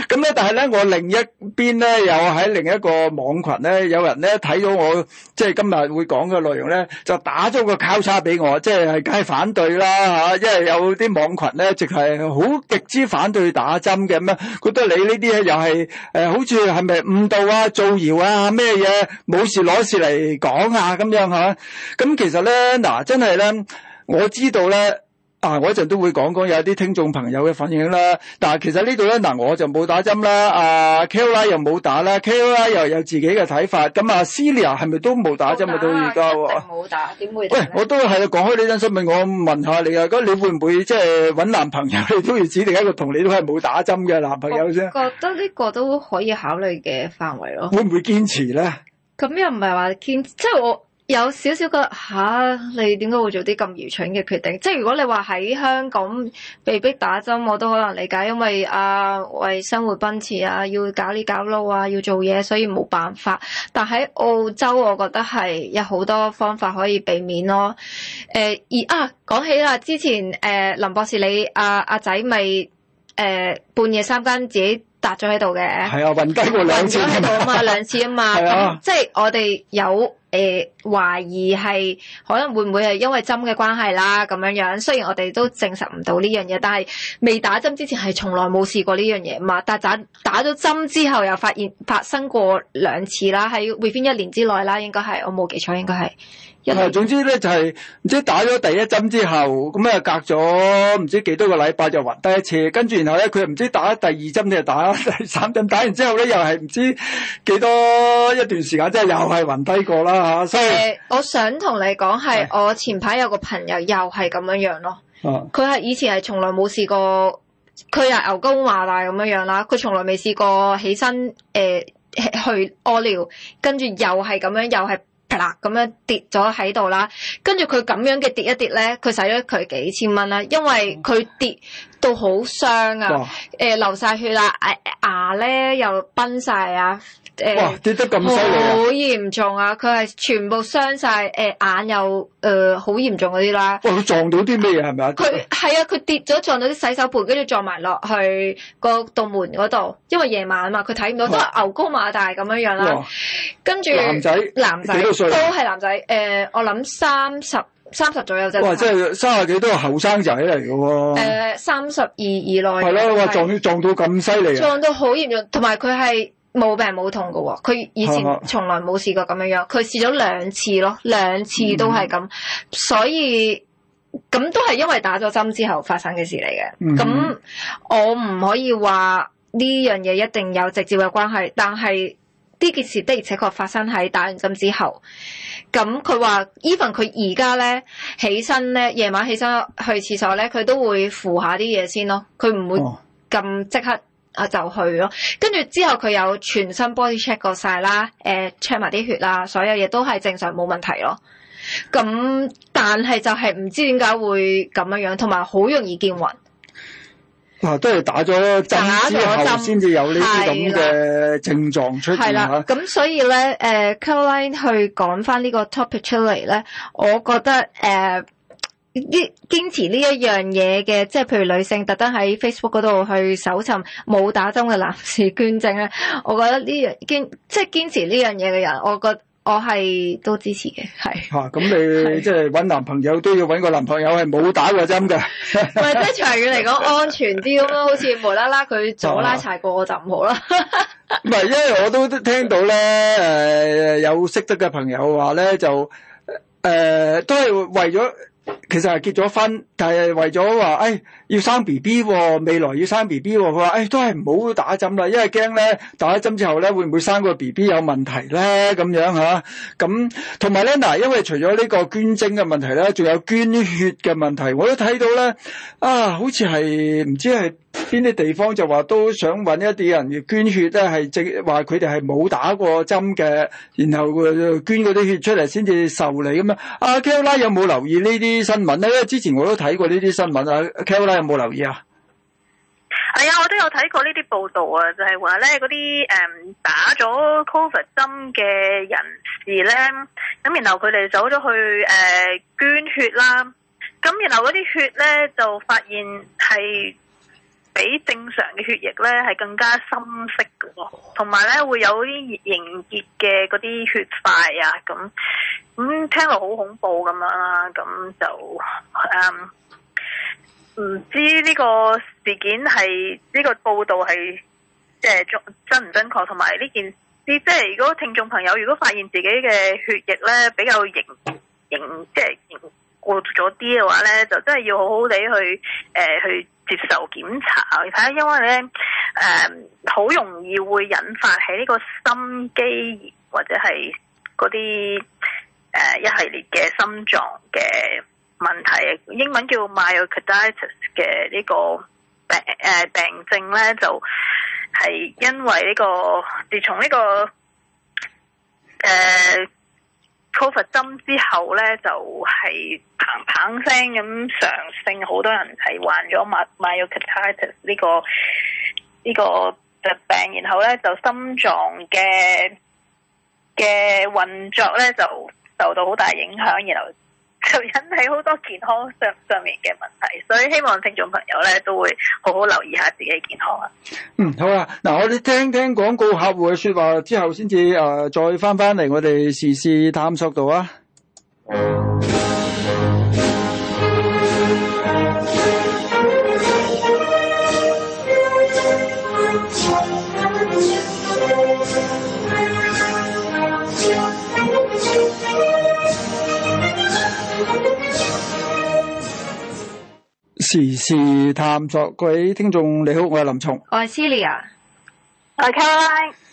咁咧，但係咧，我另一邊咧，又喺另一個網群咧，有人咧睇到我即係今日會講嘅內容咧，就打咗個交叉俾我，即係梗係反對啦吓，因為有啲網群咧，直係好極之反對打針嘅咩，覺得你呢啲又係誒，好似係咪誤導啊、造謠啊咩嘢，冇事攞事嚟講啊咁樣吓。咁其實咧，嗱，真係咧，我知道咧。啊！我一陣都會講講有啲聽眾朋友嘅反應啦。但係其實這裡呢度咧，嗱，我就冇打針啦。阿、啊、Kelly 又冇打啦，Kelly 又有自己嘅睇法。咁啊，Celia 係咪都冇打針到而家喎？冇打，點會打？喂，我都係啊。講開呢單新聞，問我問一下你啊，咁你會唔會即係搵男朋友？你都要指定一個同你都係冇打針嘅男朋友啫？我覺得呢個都可以考慮嘅範圍咯。會唔會堅持咧？咁又唔係話堅持，即、就、係、是、我。有少少個吓你點解會做啲咁愚蠢嘅決定？即、就、係、是、如果你話喺香港被逼打針，我都可能理解，因為啊為生活奔馳啊，要搞呢搞路啊，要做嘢，所以冇辦法。但喺澳洲，我覺得係有好多方法可以避免咯。誒而啊，講、啊、起啦，之前誒、啊、林博士，你阿阿仔咪誒半夜三更自己。打咗喺度嘅，係 啊，暈低過兩次啊嘛，兩次啊嘛， 嗯、 即係我哋有、呃、懷疑係可能會唔會係因為針嘅關係啦咁樣樣。雖然我哋都證實唔到呢樣嘢，但係未打針之前係從來冇試過呢樣嘢嘛。但打打咗針之後又發現發生過兩次啦，喺 within 一年之內啦，應該係我冇記錯應該係。啊，總之咧就係唔知打咗第一針之後，咁啊隔咗唔知幾多個禮拜就暈低一次，跟住然後咧佢又唔知打咗第二針定係打第三針，打完之後咧又係唔知幾多一段時間，即係又係暈低過啦吓。所以、呃、我想同你講係，我前排有個朋友又係咁樣樣咯。佢、啊、係以前係從來冇試過，佢又牛高馬大咁樣樣啦，佢從來未試過起身誒、呃、去屙尿，跟住又係咁樣，又係。係啦，咁樣跌咗喺度啦，跟住佢咁樣嘅跌一跌咧，佢使咗佢幾千蚊啦，因為佢跌到好傷啊，誒、呃，流曬血啦、誒，牙咧又崩曬啊。誒，哇！跌得咁犀利，好、呃、嚴重啊！佢係全部傷晒，誒、呃、眼又誒好嚴重嗰啲啦。哇！佢撞到啲咩嘢係咪啊？佢係啊！佢跌咗撞到啲洗手盆，跟住撞埋落去個道門嗰度，因為夜晚嘛，佢睇唔到，都係牛高馬大咁樣樣啦。跟住男仔，男仔幾多歲、啊？都係男仔。誒、呃，我諗三十三十左右啫。哇！即係三十幾都係後生仔嚟嘅喎。誒、呃，三十二以內。係咯，話撞撞到咁犀利。撞到好嚴、啊、重，同埋佢係。冇病冇痛㗎喎，佢以前從來冇試過咁樣樣，佢試咗兩次咯，兩次都係咁，mm -hmm. 所以咁都係因為打咗針之後發生嘅事嚟嘅。咁、mm -hmm. 我唔可以話呢樣嘢一定有直接嘅關係，但係呢件事的而且確發生喺打完針之後。咁佢話，even 佢而家咧起身咧，夜晚起身去廁所咧，佢都會扶下啲嘢先咯，佢唔會咁即刻、oh. 啊，就去咯，跟住之後佢有全身 body check 過曬啦，check 埋啲血啦，所有嘢都係正常冇問題咯。咁但係就係唔知點解會咁樣樣，同埋好容易見暈，啊。都係打咗針之後先至有呢啲咁嘅症狀出現嚇。咁所以咧，呃，Caroline 去講翻呢個 topic 出嚟咧，我覺得，呃堅持呢一樣嘢嘅，即係譬如女性特登喺 Facebook 嗰度去搜尋冇打針嘅男士捐精咧，我覺得呢樣堅即係堅持呢樣嘢嘅人，我覺我係都支持嘅。係吓咁你即係搵男朋友都要搵個男朋友係冇打過針嘅，唔係即係長遠嚟講安全啲咁咯，好似無啦啦佢早拉柴過我就唔好啦。唔係，因為我都聽到咧，誒有識得嘅朋友話咧就誒、呃、都係為咗。其實係結咗婚，但係為咗話，誒，要生 B B 喎，未來要生 B B 喎，佢話，誒，都係唔好打針啦，因為驚咧打針之後咧會唔會生個 B B 有問題咧咁樣吓，啊，咁同埋咧嗱，因為除咗呢個捐精嘅問題咧，仲有捐血嘅問題，我都睇到咧，啊，好似係唔知係。邊啲地方就話都想揾一啲人捐血咧，即係話佢哋係冇打過針嘅，然後捐嗰啲血出嚟先至受理咁啊！阿 Kel 拉有冇留意呢啲新聞咧？因為之前我都睇過呢啲新聞啊，Kel 拉有冇留意啊？係、哎、啊，我都有睇過呢啲報道啊，就係話咧，嗰啲誒打咗 COVID 針嘅人士咧，咁然後佢哋走咗去誒、呃、捐血啦，咁然後嗰啲血咧就發現係。比正常嘅血液咧，係更加深色㗎喎，同埋咧，會有啲凝結嘅嗰啲血塊啊，咁咁、嗯、聽落好恐怖咁樣啦，咁就誒唔知呢個事件係呢、呢個報道係即係真唔真確，同埋呢件事，即係如果聽眾朋友如果發現自己嘅血液咧比較凝凝即係凝過咗啲嘅話咧，就真係要好好地去誒去。呃、去接受檢查，你睇下，因為咧，誒、嗯，好容易會引發喺呢個心肌炎，或者係嗰啲誒一系列嘅心臟嘅問題，英文叫 myocarditis 嘅呢個病誒、呃、病症咧，就係、是、因為呢、這個自從呢、這個誒、呃、COVID 針之後咧，就係、是。棒砰聲咁常性好多人係患咗 Myo Myocarditis 呢個呢個疾病，然後咧就心臟嘅嘅運作咧就受到好大影響，然後就引起好多健康上上面嘅問題。所以希望聽眾朋友咧都會好好留意下自己嘅健康啊。嗯，好啊。嗱，我哋聽聽廣告客戶嘅說話之後，先至誒再翻翻嚟，我哋時事探索度啊。時事探索，各位聽眾你好，我係林松，我係 Celia，我係 Kai。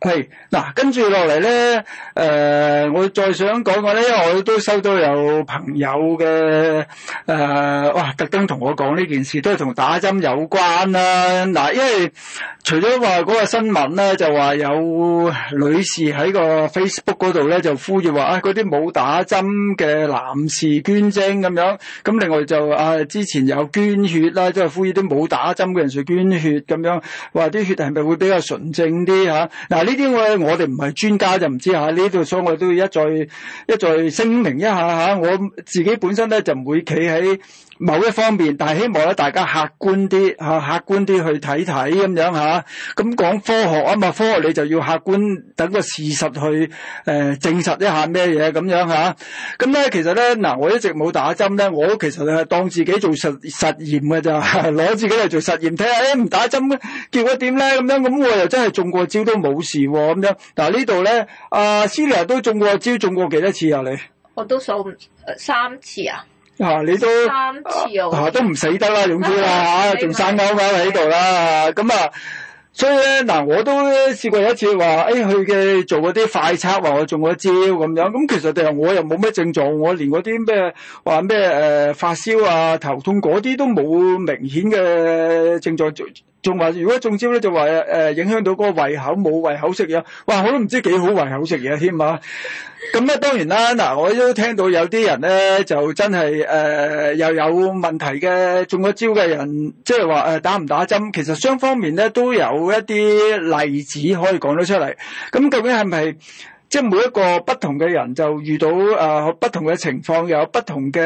係嗱，跟住落嚟咧，誒、呃，我再想講嘅咧，因為我都收到有朋友嘅誒，哇、呃，特登同我講呢件事，都係同打針有關啦、啊。嗱、啊，因為除咗話嗰個新聞咧，就話有女士喺個 Facebook 嗰度咧，就呼籲話啊，嗰啲冇打針嘅男士捐精咁樣。咁另外就啊，之前有捐血啦，即係呼籲啲冇打針嘅人士捐血咁樣，話啲血係咪會比較純正啲吓嗱。啊啊。呢啲我我哋唔係專家就唔知吓。呢度所以我哋都要一再一再聲明一下吓。我自己本身咧就唔會企喺。某一方面，但係希望咧，大家客觀啲吓，客觀啲去睇睇咁樣吓。咁講科學啊嘛，科學你就要客觀，等個事實去誒證實一下咩嘢咁樣吓。咁咧，其實咧嗱，我一直冇打針咧，我其實係當自己做實實驗嘅咋，攞自己嚟做實驗，睇下誒唔打針結果點咧咁樣。咁我又真係中過招都冇事喎咁樣。嗱呢度咧，阿 c e l 都中過招，中過幾多次啊你？我都數三次啊。啊！你都三啊，啊都唔死得啦，總之啦仲仲生勾喺度啦，咁啊，所以咧嗱、啊，我都試過有一次話，誒、哎、去嘅做嗰啲快測，話我中咗招咁樣。咁、嗯、其實就我又冇咩症狀，我連嗰啲咩話咩誒發燒啊、頭痛嗰啲都冇明顯嘅症狀。仲話如果中招咧，就話、呃、影響到個胃口，冇胃口食嘢。哇！我都唔知幾好胃口食嘢添啊！咁咧當然啦，嗱，我都聽到有啲人咧就真係、呃、又有問題嘅，中咗招嘅人，即係話、呃、打唔打針，其實雙方面咧都有一啲例子可以講得出嚟。咁究竟係咪？即係每一個不同嘅人就遇到誒、呃、不同嘅情況，有不同嘅誒、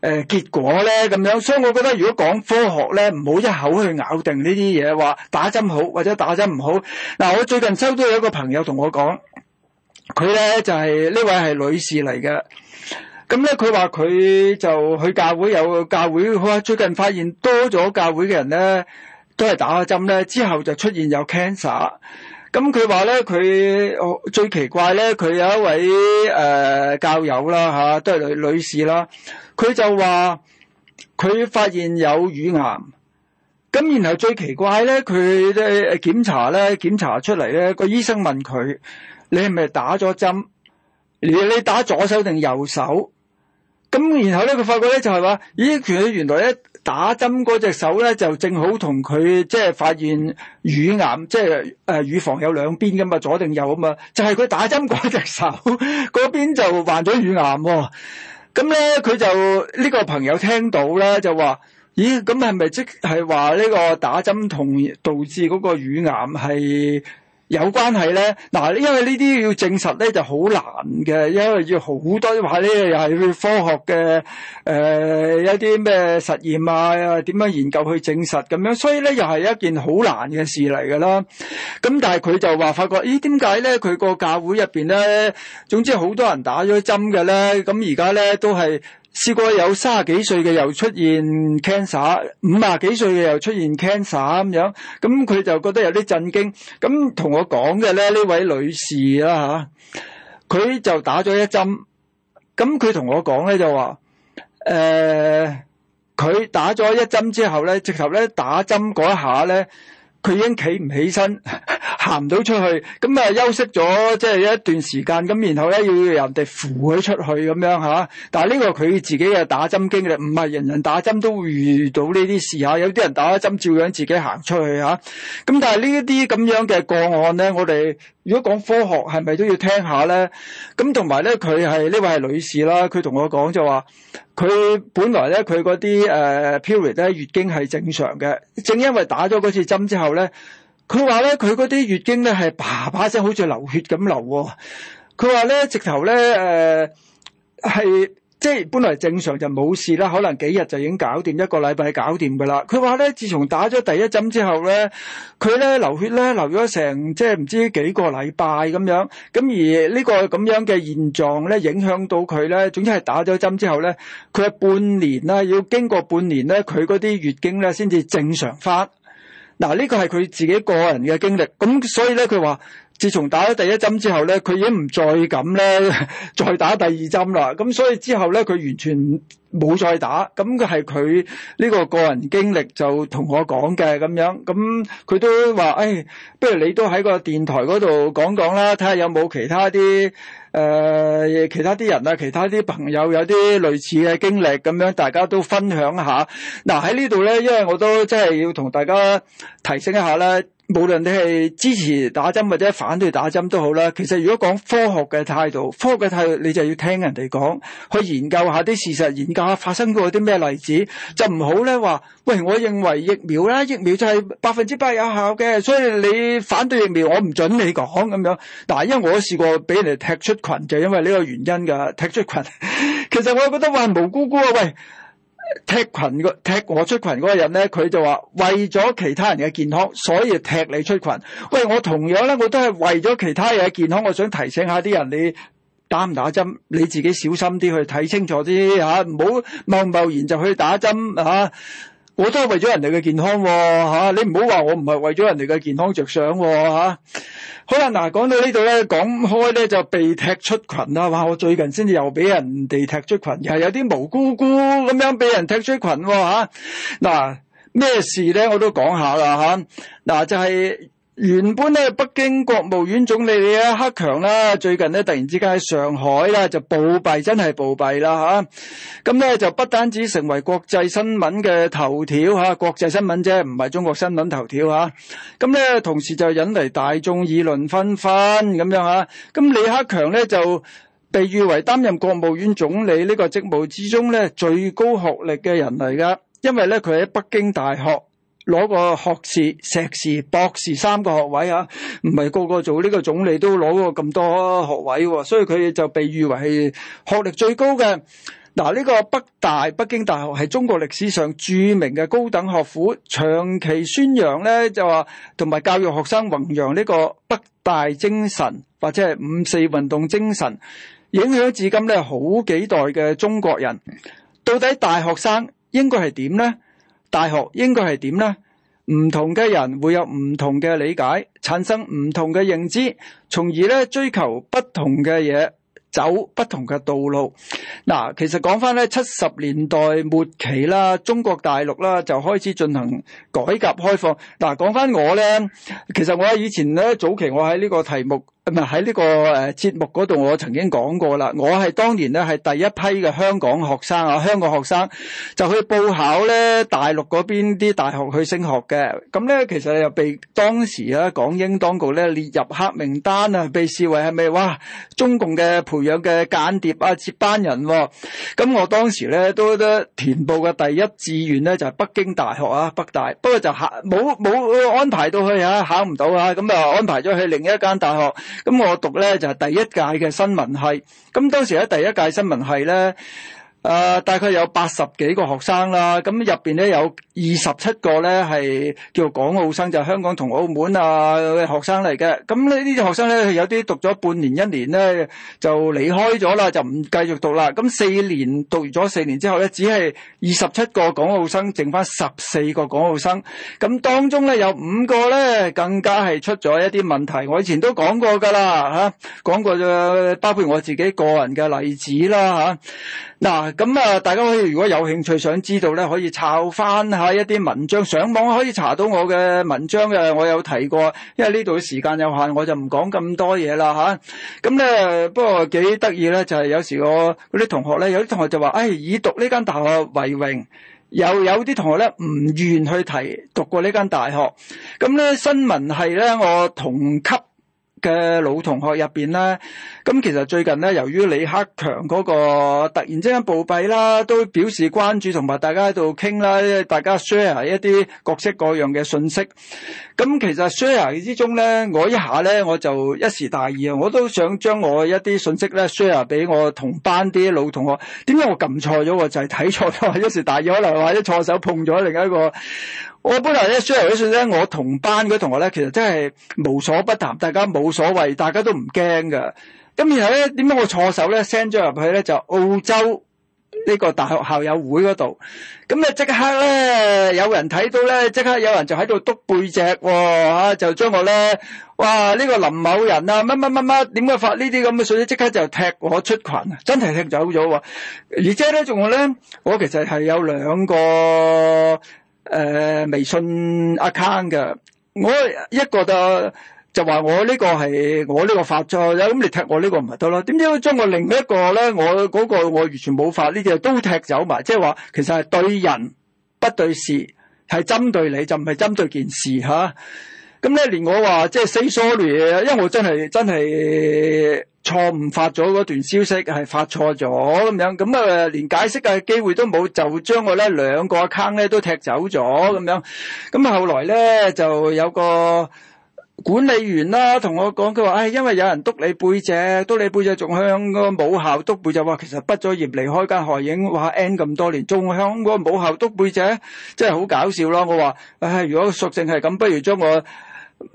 呃、結果咧咁樣。所以我覺得如果講科學咧，唔好一口去咬定呢啲嘢話打針好或者打針唔好。嗱，我最近收到有一個朋友同我講，佢咧就係、是、呢位係女士嚟嘅。咁咧佢話佢就去教會，有個教會，佢話最近發現多咗教會嘅人咧都係打咗針咧之後就出現有 cancer。咁佢話咧，佢最奇怪咧，佢有一位誒、呃、教友啦，吓、都係女女士啦。佢就話佢發現有乳癌，咁然後最奇怪咧，佢檢查咧，檢查出嚟咧，個醫生問佢：你係咪打咗針你？你打左手定右手？咁然後咧，佢發覺咧就係、是、話：咦，原來咧。打針嗰隻手咧，就正好同佢即係發現乳癌，即係誒乳房有兩邊噶嘛，左定右啊嘛，就係、是、佢打針嗰隻手嗰 邊就患咗乳癌喎、哦。咁咧，佢就呢、這個朋友聽到咧就話：咦，咁係咪即係話呢個打針同導致嗰個乳癌係？有關係咧，嗱，因為呢啲要證實咧就好難嘅，因為要好多話咧又係去科學嘅，誒、呃，一啲咩實驗啊，點樣研究去證實咁樣，所以咧又係一件好難嘅事嚟㗎啦。咁但係佢就話發覺，咦點解咧佢個教會入面咧，總之好多人打咗針嘅咧，咁而家咧都係。試過有卅幾歲嘅又出現 cancer，五十幾歲嘅又出現 cancer 咁樣，咁佢就覺得有啲震驚，咁同我講嘅咧呢，這位女士啦吓，佢、啊、就打咗一針，咁佢同我講咧就話，誒、呃，佢打咗一針之後咧，直頭咧打針嗰一下咧。佢已經企唔起身，行唔到出去，咁啊休息咗即係一段時間，咁然後咧要人哋扶佢出去咁樣吓，但係呢個佢自己嘅打針經歷，唔係人人打針都會遇到呢啲事吓，有啲人打咗針照樣自己行出去吓，咁、啊、但係呢一啲咁樣嘅個案咧，我哋如果講科學係咪都要聽下咧？咁同埋咧佢係呢位係女士啦，佢同我講就話。佢本來咧，佢嗰啲誒 period 咧，月經係正常嘅。正因為打咗嗰次針之後咧，佢話咧，佢嗰啲月經咧係啪啪聲好似流血咁流喎。佢話咧，直頭咧誒係。呃是即係本來正常就冇事啦，可能幾日就已經搞掂，一個禮拜搞掂噶啦。佢話咧，自從打咗第一針之後咧，佢咧流血咧流咗成即係唔知幾個禮拜咁樣，咁而呢個咁樣嘅現狀咧影響到佢咧，總之係打咗針之後咧，佢係半年啦，要經過半年咧，佢嗰啲月經咧先至正常翻。嗱，呢個係佢自己個人嘅經歷，咁所以咧佢話。自從打咗第一針之後咧，佢已經唔再敢咧，再打第二針啦。咁所以之後咧，佢完全冇再打。咁係佢呢個個人經歷就同我講嘅咁樣。咁佢都話，誒、哎，不如你都喺個電台嗰度講講啦，睇下有冇其他啲誒其他啲人啊，其他啲朋友有啲類似嘅經歷咁樣，大家都分享下。嗱、啊、喺呢度咧，因為我都真係要同大家提醒一下咧。無論你係支持打針或者反對打針都好啦，其實如果講科學嘅態度，科學嘅態度你就要聽人哋講，去研究下啲事實，研究下發生過啲咩例子，就唔好咧話，喂，我認為疫苗咧，疫苗就係百分之百有效嘅，所以你反對疫苗，我唔准你講咁樣。但係因為我試過俾人哋踢出群，就係因為呢個原因噶，踢出群。其實我覺得話無辜辜啊，喂。踢群，個踢我出群嗰個人咧，佢就話為咗其他人嘅健康，所以踢你出群。喂，我同樣咧，我都係為咗其他人嘅健康，我想提醒下啲人，你打唔打針，你自己小心啲去睇清楚啲吓，唔好貿貿然就去打針吓。啊我都係為咗人哋嘅健康吓、啊啊，你唔好話我唔係為咗人哋嘅健康着想吓、啊。好、啊、啦，嗱、啊、講到呢度咧，講開咧就被踢出群啦、啊。哇，我最近先至又俾人哋踢出群，又係有啲無辜辜咁樣俾人踢出群吓、啊。嗱、啊、咩事咧？我都講下啦吓。嗱、啊啊、就係、是。原本咧，北京國務院總理李克強咧、啊，最近咧突然之間喺上海咧就暴斃，真係暴斃啦吓，咁、啊、咧就不單止成為國際新聞嘅頭條吓、啊，國際新聞啫，唔係中國新聞頭條吓，咁、啊、咧同時就引嚟大眾議論紛紛，咁樣吓，咁李克強咧就被譽為擔任國務院總理呢個職務之中咧最高學歷嘅人嚟噶，因為咧佢喺北京大學。攞個學士、碩士、博士三個學位啊，唔係個個做呢個總理都攞過咁多學位喎、啊，所以佢就被譽為學歷最高嘅。嗱、啊，呢個北大北京大學係中國歷史上著名嘅高等學府，長期宣揚咧就話同埋教育學生弘揚呢個北大精神或者係五四運動精神，影響至今咧好幾代嘅中國人。到底大學生應該係點呢？大學應該係點呢？唔同嘅人會有唔同嘅理解，產生唔同嘅認知，從而咧追求不同嘅嘢，走不同嘅道路。嗱，其實講翻咧，七十年代末期啦，中國大陸啦就開始進行改革開放。嗱，講翻我咧，其實我喺以前咧早期，我喺呢個題目。唔係喺呢個誒節目嗰度，我曾經講過啦。我係當年咧係第一批嘅香港學生啊，香港學生就去報考咧大陸嗰邊啲大學去升學嘅。咁咧其實又被當時啊港英當局咧列入黑名單啊，被視為係咪哇中共嘅培養嘅間諜啊接班人，哦。咁我當時咧都得填報嘅第一志願咧就係、是、北京大學啊，北大。不過就考冇冇安排到去啊，考唔到啊，咁啊安排咗去另一間大學。咁我讀咧就係第一屆嘅新聞系，咁當時喺第一屆新聞系咧，誒大概有八十幾個學生啦，咁入邊咧有。二十七個咧係叫港澳生，就是、香港同澳門啊學生嚟嘅。咁呢啲學生咧，有啲讀咗半年、一年咧就離開咗啦，就唔繼續讀啦。咁四年讀完咗四年之後咧，只係二十七個港澳生，剩翻十四個港澳生。咁當中咧有五個咧，更加係出咗一啲問題。我以前都講過㗎啦，講、啊、過咗，包括我自己個人嘅例子啦，嗱、啊。咁啊，大家可以如果有興趣想知道咧，可以抄翻下一啲文章，上網可以查到我嘅文章嘅，我有提過。因為呢度時間有限，我就唔講咁多嘢啦吓，咁、啊、咧不過幾得意咧，就係、是、有時我嗰啲同學咧，有啲同學就話：唉、哎，以讀呢間大學為榮，又有啲同學咧唔願去提讀過呢間大學。咁咧新聞係咧，我同級。嘅老同學入邊咧，咁其實最近咧，由於李克強嗰個突然之間暴斃啦，都表示關注，同埋大家喺度傾啦，大家 share 一啲各式各樣嘅信息。咁其實 share 之中咧，我一下咧我就一時大意啊，我都想將我一啲信息咧 share 俾我同班啲老同學。點解我撳錯咗？就係睇錯咗，一時大意，可能或者錯手碰咗另一個。我本嚟咧，小學嗰時咧，我同班嗰同學咧，其實真係無所不談，大家冇所謂，大家都唔驚㗎。咁然後咧，點解我錯手咧 send 咗入去咧？就澳洲呢個大學校友會嗰度。咁咧即刻咧，有人睇到咧，即刻有人就喺度篤背脊喎、啊、就將我咧，哇！呢、這個林某人啊，乜乜乜乜，點解發呢啲咁嘅信息？即刻就踢我出羣，真係踢走咗喎。而且咧，仲有咧，我其實係有兩個。誒、呃，微信 account 嘅，我一個就就話我呢個係我呢個發錯咗，咁你踢我呢個唔係得咯？點知將我另一個咧，我嗰個我完全冇發呢啲，都踢走埋，即係話其實係對人不對事，係針對你就唔係針對件事吓。咁、啊、咧連我話即係 say sorry，因為我真係真係。錯誤發咗嗰段消息係發錯咗，咁樣，咁啊連解釋嘅機會都冇，就將我咧兩個 account 咧都踢走咗咁樣。咁後來咧就有個管理員啦，同我講佢話：唉，因為有人篤你背脊，篤你背脊仲向個母校篤背脊，話其實畢咗業離開間學校，話 N 咁多年，仲向個母校篤背脊，真係好搞笑咯。我話：唉，如果屬性係咁，不如將我。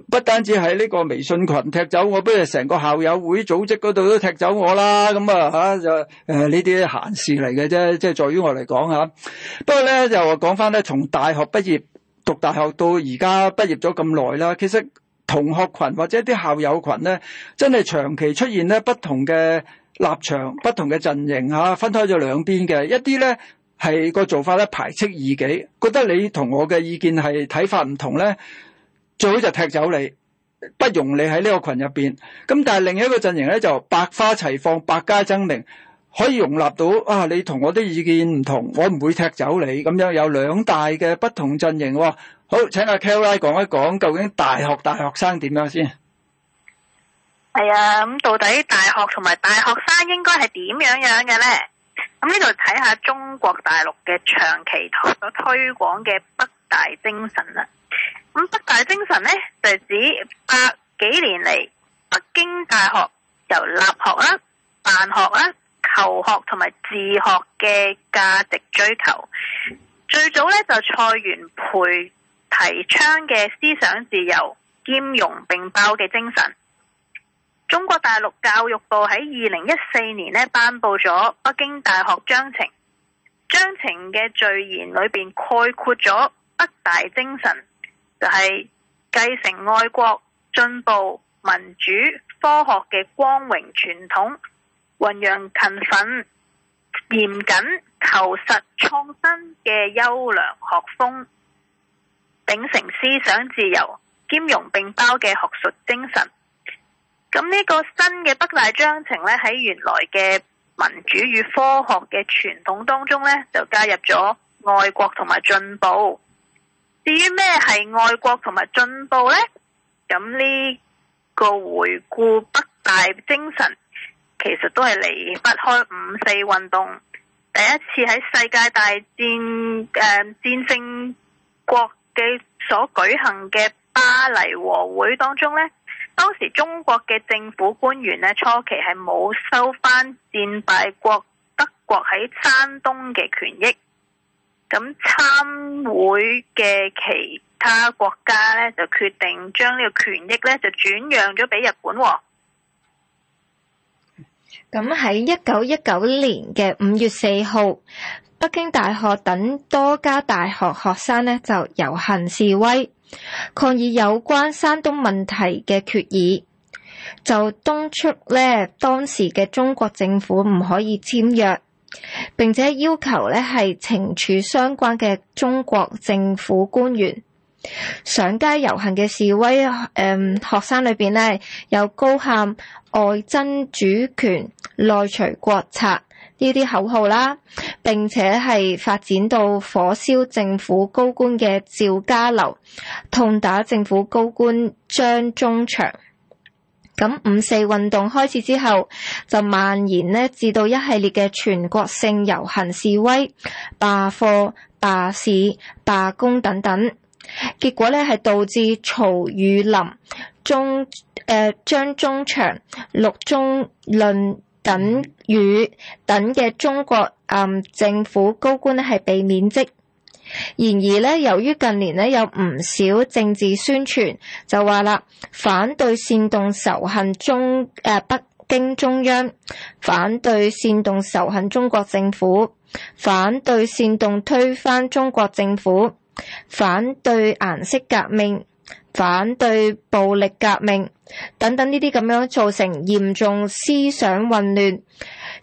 不單止喺呢個微信群踢走我，不如成個校友會組織嗰度都踢走我啦。咁啊吓就誒呢啲閒事嚟嘅啫，即係在於我嚟講吓、啊。不過咧又話講翻咧，從大學畢業讀大學到而家畢業咗咁耐啦，其實同學群或者啲校友群咧，真係長期出現咧不同嘅立場、不同嘅陣營吓、啊，分開咗兩邊嘅。一啲咧係個做法咧排斥異己，覺得你同我嘅意見係睇法唔同咧。最好就踢走你，不容你喺呢個群入邊。咁但係另一個陣營咧就百花齊放，百家爭鳴，可以容納到啊你同我啲意見唔同，我唔會踢走你咁樣。有兩大嘅不同陣營喎。好，請阿 Kelly 講一講究竟大學大學生點樣先？係啊，咁到底大學同埋大學生應該係點樣樣嘅咧？咁呢度睇下中國大陸嘅長期所推廣嘅北大精神啦。咁北大精神咧，就指百幾年嚟北京大學由立學啦、辦學啦、求學同埋自學嘅價值追求。最早咧就蔡元培提倡嘅思想自由、兼容並包嘅精神。中國大陸教育部喺二零一四年咧頒布咗北京大學章程，章程嘅序言裏邊概括咗北大精神。就係、是、繼承愛國、進步、民主、科學嘅光榮傳統，弘揚勤奮、嚴謹、求實、創新嘅優良學風，秉承思想自由、兼容並包嘅學術精神。咁呢個新嘅北大章程呢，喺原來嘅民主與科學嘅傳統當中呢，就加入咗愛國同埋進步。至於咩係愛國同埋進步呢？咁呢個回顧北大精神，其實都係離不開五四運動。第一次喺世界大戰誒、呃、戰勝國嘅，所舉行嘅巴黎和會當中呢，當時中國嘅政府官員咧初期，係冇收翻戰敗國德國喺山東嘅權益。咁參會嘅其他國家呢，就決定將呢個權益呢，就轉讓咗俾日本喎、哦。咁喺一九一九年嘅五月四號，北京大學等多家大學學生呢，就遊行示威，抗議有關山東問題嘅決議，就敦促呢，當時嘅中國政府唔可以簽約。並且要求咧，係懲處相關嘅中國政府官員。上街遊行嘅示威，誒、嗯、學生裏邊有高喊外爭主權，內除國賊呢啲口號啦，並且係發展到火燒政府高官嘅趙家樓，痛打政府高官章宗祥。咁五四運動開始之後，就蔓延呢至到一系列嘅全國性遊行示威、罷課、罷市、罷工等等，結果呢係導致曹汝霖、章、呃、章宗祥、陸宗輿等語等嘅中國、嗯、政府高官呢係被免職。然而咧，由於近年咧，有唔少政治宣傳，就話啦，反對煽動仇恨中誒、呃、北京中央，反對煽動仇恨中國政府，反對煽動推翻中國政府，反對顏色革命，反對暴力革命等等呢啲咁樣，造成嚴重思想混亂。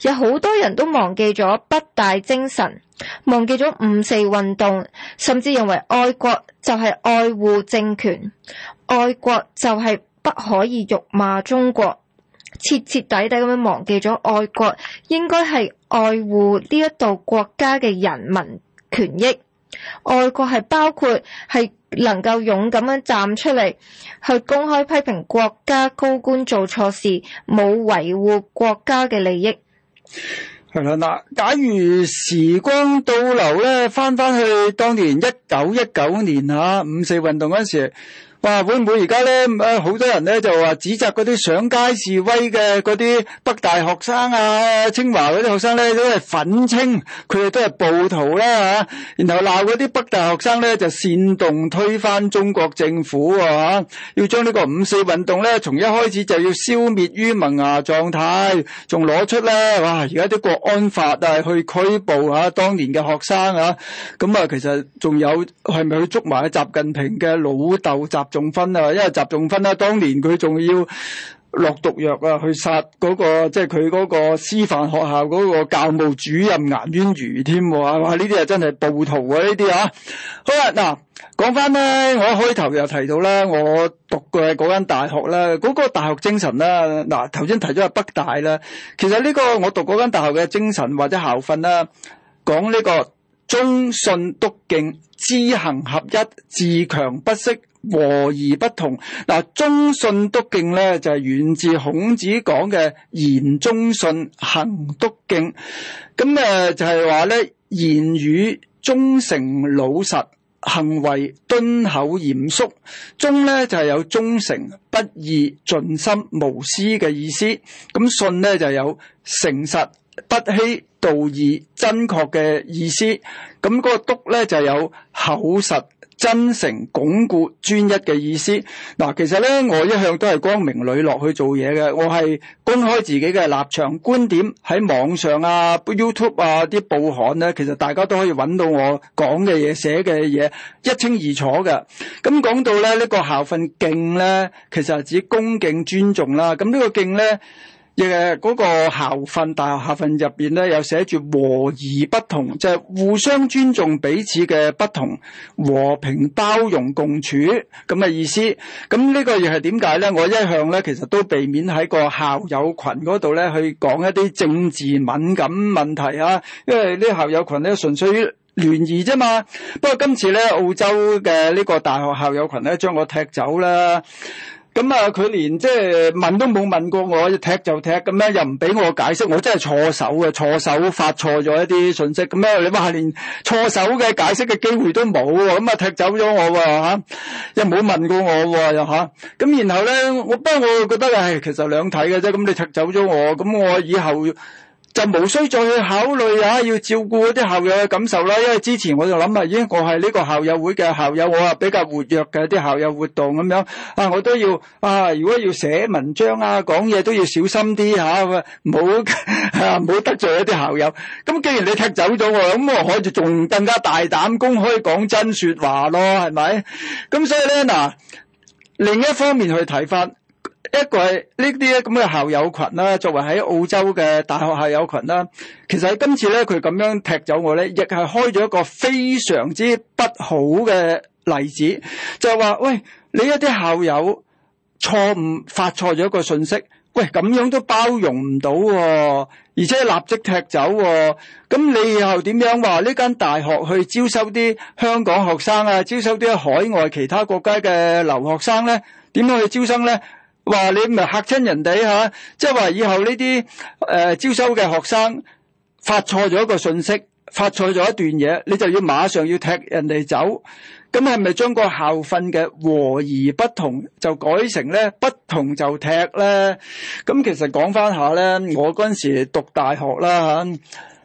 有好多人都忘記咗北大精神，忘記咗五四運動，甚至認為愛國就係愛護政權，愛國就係不可以辱罵中國，徹徹底底咁樣忘記咗愛國應該係愛護呢一度國家嘅人民權益。愛國係包括係能夠勇敢咁站出嚟，去公開批評國家高官做錯事，冇維護國家嘅利益。係啦，嗱，假如時光倒流咧，翻翻去當年一九一九年吓五四運動嗰陣時。哇！會唔會而家咧，誒好多人咧就話指責嗰啲上街示威嘅嗰啲北大學生啊、清華嗰啲學生咧都係憤青，佢哋都係暴徒啦嚇，然後鬧嗰啲北大學生咧就煽動推翻中國政府啊，要將呢個五四運動咧從一開始就要消滅於萌芽狀態，仲攞出咧，哇！而家啲國安法啊去拘捕啊當年嘅學生啊，咁啊其實仲有係咪去捉埋習近平嘅老豆習？分啊！因為習仲勳啦、啊，當年佢仲要落毒藥啊，去殺嗰、那個即係佢嗰個師範學校嗰個教務主任顏端如添喎，呢啲啊真係暴徒啊呢啲啊！好啦、啊，嗱，講翻咧，我一開頭又提到咧，我讀嘅嗰間大學咧，嗰、那個大學精神咧，嗱頭先提咗係北大啦。其實呢個我讀嗰間大學嘅精神或者校訓咧，講呢、這個。忠信篤敬，知行合一，自強不息，和而不同。嗱，忠信篤敬咧就係源自孔子講嘅言忠信，行篤敬。咁誒就係話咧，言語忠誠老實，行為敦厚嚴肅。忠咧就係有忠誠、不貳、盡心、無私嘅意思。咁信咧就有誠實。不欺道義，真確嘅意思。咁嗰個「督」咧就有口實、真誠、鞏固、專一嘅意思。嗱，其實咧我一向都係光明磊落去做嘢嘅，我係公開自己嘅立場觀點喺網上啊、YouTube 啊啲報刊咧，其實大家都可以揾到我講嘅嘢、寫嘅嘢一清二楚嘅。咁講到咧呢個校訓「敬」咧，其實係指恭敬尊重啦。咁呢個敬咧。嗰、那個校訓大學校訓入面咧，有寫住和而不同，就係、是、互相尊重彼此嘅不同，和平包容共處咁嘅意思。咁呢個又係點解咧？我一向咧其實都避免喺個校友群嗰度咧去講一啲政治敏感問題啊，因為個校友群咧純粹聯誼啫嘛。不過今次咧澳洲嘅呢個大學校友群咧將我踢走啦。咁啊，佢連即係問都冇問過我，踢就踢咁咩？又唔俾我解釋，我真係錯手啊，錯手發錯咗一啲信息，咁咩？你話連錯手嘅解釋嘅機會都冇，咁啊踢走咗我喎，吓又冇問過我喎，又吓。咁然後咧，不過我覺得係其實兩睇嘅啫。咁你踢走咗我，咁我以後。就無需再去考慮啊，要照顧嗰啲校友嘅感受啦，因為之前我就諗啊，已經我係呢個校友會嘅校友，我係比較活躍嘅啲校友活動咁樣啊，我都要啊，如果要寫文章啊、講嘢都要小心啲嚇，唔好啊唔好得罪一啲校友。咁既然你踢走咗喎，咁我就仲更加大膽公開講真説話咯，係咪？咁所以咧嗱，另一方面去睇法。一個係呢啲咁嘅校友群啦、啊，作為喺澳洲嘅大學校友群啦、啊，其實今次咧佢咁樣踢走我咧，亦係開咗一個非常之不好嘅例子，就係、是、話喂你一啲校友錯誤發錯咗一個信息，喂咁樣都包容唔到、啊，而且立即踢走、啊，咁你以後點樣話呢間大學去招收啲香港學生啊，招收啲海外其他國家嘅留學生咧，點樣去招生咧？話你唔咪嚇親人哋吓，即係話以後呢啲誒招收嘅學生發錯咗一個信息，發錯咗一段嘢，你就要馬上要踢人哋走，咁係咪將個校訓嘅和而不同就改成咧？不同就踢咧？咁其實講翻下咧，我嗰陣時讀大學啦吓。啊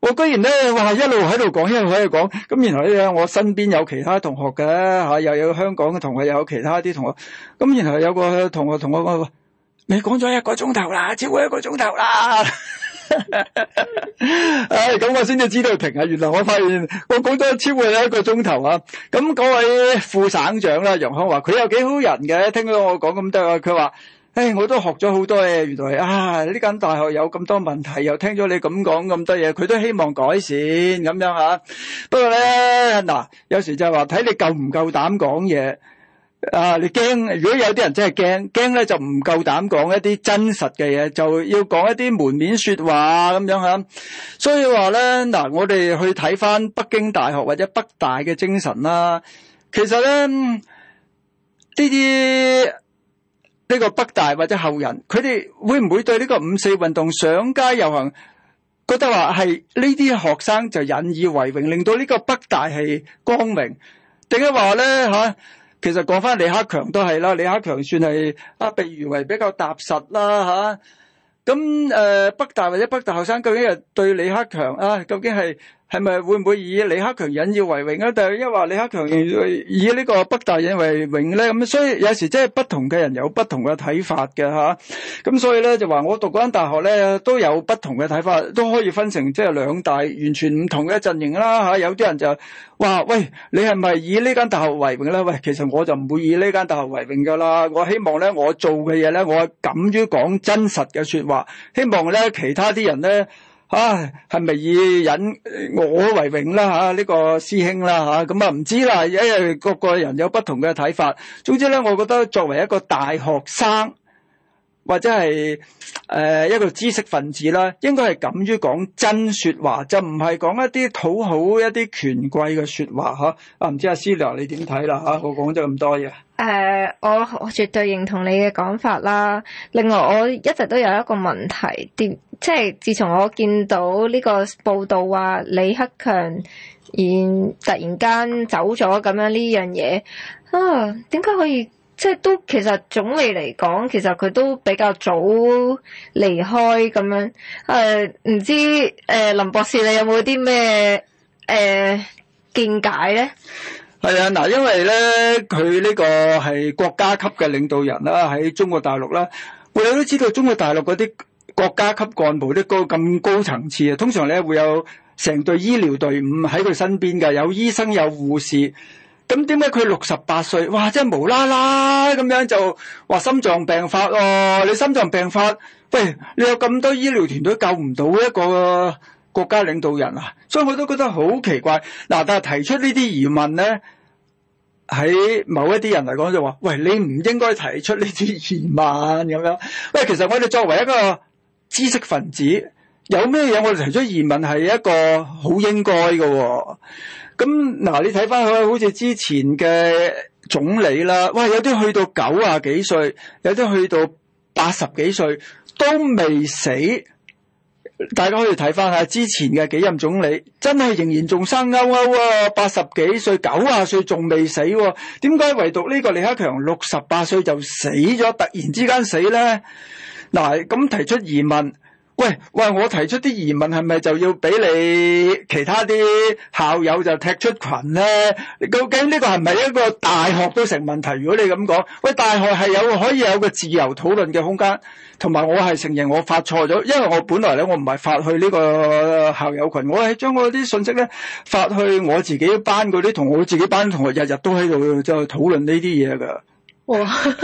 我居然咧，我係一路喺度講，一路喺度講，咁然後咧，我身邊有其他同學嘅吓、啊，又有香港嘅同學，又有其他啲同學，咁然後有個同學同我講： 你講咗一個鐘頭啦，超過一個鐘頭啦！唉、 啊，咁我先至知道停啊！原來我發現我講咗超過一個鐘頭啊！咁嗰位副省長啦，楊康話佢有幾好人嘅，聽到我講咁多，佢話。唉，我都學咗好多嘢。原來啊，呢間大學有咁多問題，又聽咗你咁講咁多嘢，佢都希望改善咁樣吓。不過咧，嗱，有時就係話睇你夠唔夠膽講嘢啊！你驚？如果有啲人真係驚，驚咧就唔夠膽講一啲真實嘅嘢，就要講一啲門面說話咁樣吓。所以話咧，嗱，我哋去睇翻北京大學或者北大嘅精神啦。其實咧，呢啲。呢、這個北大或者後人，佢哋會唔會對呢個五四運動上街遊行，覺得話係呢啲學生就引以為榮，令到呢個北大係光明。定係話咧吓？其實講翻李克強都係啦，李克強算係啊，被譽為比較踏實啦吓。咁、啊、誒、呃，北大或者北大學生究竟係對李克強啊，究竟係？係咪會唔會以李克強引，引以為榮啊？定係因為話李克強以呢個北大引為榮咧，咁所以有時即係不同嘅人有不同嘅睇法嘅吓、啊。咁所以咧就話我讀嗰間大學咧都有不同嘅睇法，都可以分成即係兩大完全唔同嘅陣營啦吓。有啲人就話喂，你係咪以呢間大學為榮咧？喂，其實我就唔會以呢間大學為榮噶啦。我希望咧我做嘅嘢咧，我敢於講真實嘅說話，希望咧其他啲人咧。唉，係咪以人我為榮啦？吓，呢個師兄啦，吓咁啊，唔知啦，因為各個人有不同嘅睇法。總之咧，我覺得作為一個大學生或者係誒一個知識分子啦，應該係敢於講真話說話，就唔係講一啲討好一啲權貴嘅說話吓。啊，唔知道阿師娘你點睇啦？吓，我講咗咁多嘢。誒、uh，我，我絕對認同你嘅講法啦。另外，我一直都有一個問題，即係自從我見到呢個報道話李克強然突然間走咗咁樣呢樣嘢，啊，點解可以即係都其實總理嚟講，其實佢都比較早離開咁樣。啊，唔知，呃，林博士你有冇啲咩誒見解咧？係啊，嗱，因為咧，佢呢個係國家級嘅領導人啦，喺中國大陸啦，我哋都知道中國大陸嗰啲國家級幹部都高咁高層次啊。通常咧會有成隊醫療隊伍喺佢身邊嘅，有醫生有護士。咁點解佢六十八歲？哇，真係無啦啦咁樣就話心臟病發咯，哦！你心臟病發，喂，你有咁多醫療團隊救唔到一個？國家領導人啊，所以我都覺得好奇怪。嗱，但係提出呢啲疑問咧，喺某一啲人嚟講就話：「喂，你唔應該提出呢啲疑問咁樣。喂，其實我哋作為一個知識分子，有咩嘢我哋提出疑問係一個好應該嘅啊。咁嗱，你睇翻佢好似之前嘅總理啦，喂，有啲去到九啊幾歲，有啲去到八十幾歲都未死。大家可以睇翻下之前嘅幾任總理，真係仍然仲生勾勾啊！八十幾歲、九啊歲仲未死，點解唯獨呢個李克強六十八歲就死咗，突然之間死呢？嗱，咁提出疑問，喂喂，我提出啲疑問係咪就要俾你其他啲校友就踢出群呢？究竟呢個係咪一個大學都成問題？如果你咁講，喂，大學係有可以有個自由討論嘅空間。同埋我係承認我發錯咗，因為我本來咧我唔係發去呢個校友群，我係將嗰啲信息咧發去我自己班嗰啲同我自己班同學，日日都喺度就討論呢啲嘢噶。哇，咁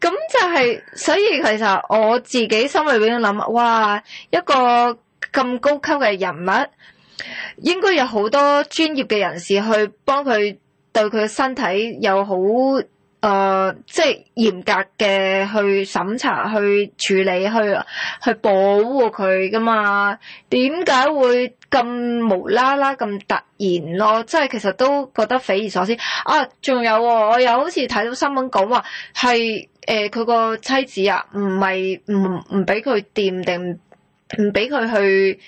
就係、是，所以其實我自己心裏邊諗，哇，一個咁高級嘅人物，應該有好多專業嘅人士去幫佢，對佢嘅身體有好。誒、呃，即係嚴格嘅去審查、去處理、去去保護佢噶嘛？點解會咁無啦啦咁突然咯？即係其實都覺得匪夷所思啊！仲有我又好似睇到新聞講話係佢個妻子啊，唔係唔唔俾佢掂定唔俾佢去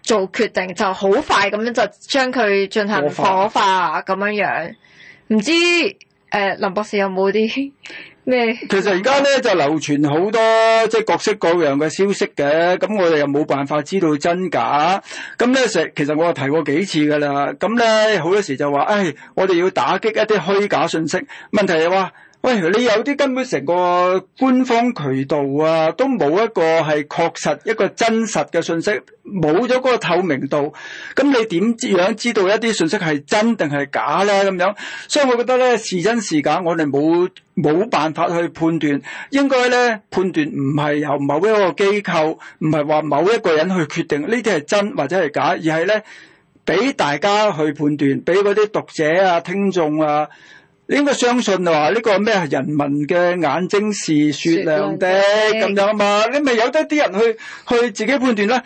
做決定，就好快咁樣就將佢進行火化咁樣樣，唔知。誒，林博士有冇啲咩？其實而家咧就流傳好多即係、就是、各式各樣嘅消息嘅，咁我哋又冇辦法知道真假。咁咧成，其實我提過幾次㗎啦。咁咧好多時就話，誒、哎，我哋要打擊一啲虛假信息。問題係話。喂，你有啲根本成個官方渠道啊，都冇一個係確實一個真實嘅信息，冇咗嗰個透明度，咁你點樣知道一啲信息係真定係假咧？咁樣，所以我覺得咧，是真是假，我哋冇冇辦法去判斷。應該咧，判斷唔係由某一個機構，唔係話某一個人去決定呢啲係真或者係假，而係咧，俾大家去判斷，俾嗰啲讀者啊、聽眾啊。你應該相信啊！呢個咩人民嘅眼睛是雪亮的，咁樣啊嘛，你咪有得啲人去去自己判斷啦。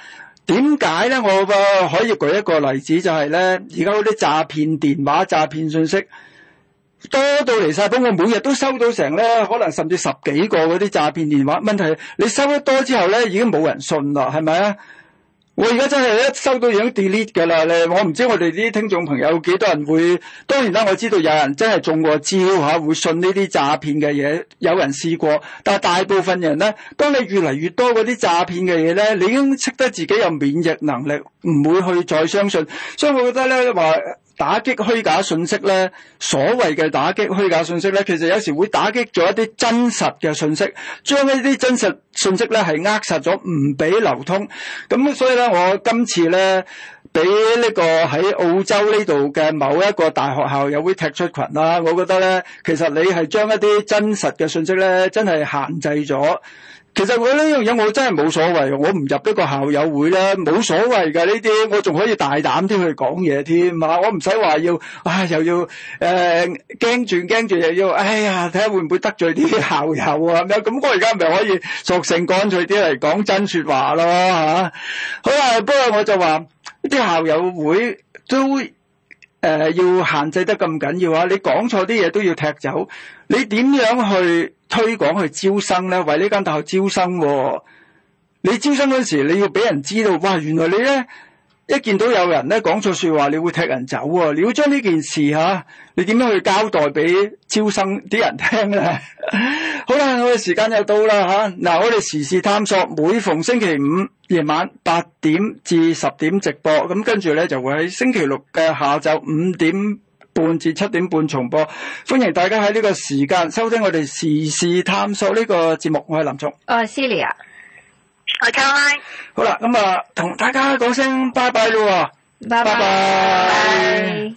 點解咧？我可以舉一個例子，就係咧，而家嗰啲詐騙電話、詐騙信息多到離晒，咁我每日都收到成咧，可能甚至十幾個嗰啲詐騙電話。問題你收得多之後咧，已經冇人信啦，係咪啊？我而家真係一收到已經 delete 㗎啦，咧我唔知我哋啲聽眾朋友幾多人會，當然啦，我知道有人真係中過招嚇，會信呢啲詐騙嘅嘢，有人試過，但係大部分人咧，當你越嚟越多嗰啲詐騙嘅嘢咧，你已經識得自己有免疫能力，唔會去再相信，所以我覺得咧話打擊虛假信息呢，所謂嘅打擊虛假信息呢，其實有時會打擊咗一啲真實嘅信息，將一啲真實信息呢係扼殺咗，唔俾流通。咁所以呢，我今次呢，俾呢個喺澳洲呢度嘅某一個大學校友會踢出群啦、啊。我覺得呢，其實你係將一啲真實嘅信息呢，真係限制咗。其實我呢樣嘢我真係冇所謂，我唔入一個校友會咧，冇所謂噶呢啲，我仲可以大膽啲去講嘢添嘛，我唔使話要啊，又要誒驚住驚住又要，哎呀，睇下會唔會得罪啲校友啊咁，咁我而家咪可以索性乾脆啲嚟講真說話咯吓、啊。好啊、呃，不過我就話啲校友會都誒、呃、要限制得咁緊要啊，你講錯啲嘢都要踢走，你點樣去？推廣去招生咧，為呢間大學招生，啊。你招生嗰時，你要俾人知道，哇！原來你咧一見到有人咧講錯說話，你會踢人走啊！你要將呢件事吓，啊，你點樣去交代俾招生啲人聽咧？ 好啦，我哋時間又到啦吓。嗱、啊，我哋時事探索每逢星期五夜晚八點至十點直播，咁跟住咧就會喺星期六嘅下晝五點半至七點半重播，歡迎大家喺呢個時間收聽我哋時事探索呢個節目。我係林聰，我係 Celia，我係 Caroline。好啦，咁啊，同大家講聲拜拜咯喎，拜拜。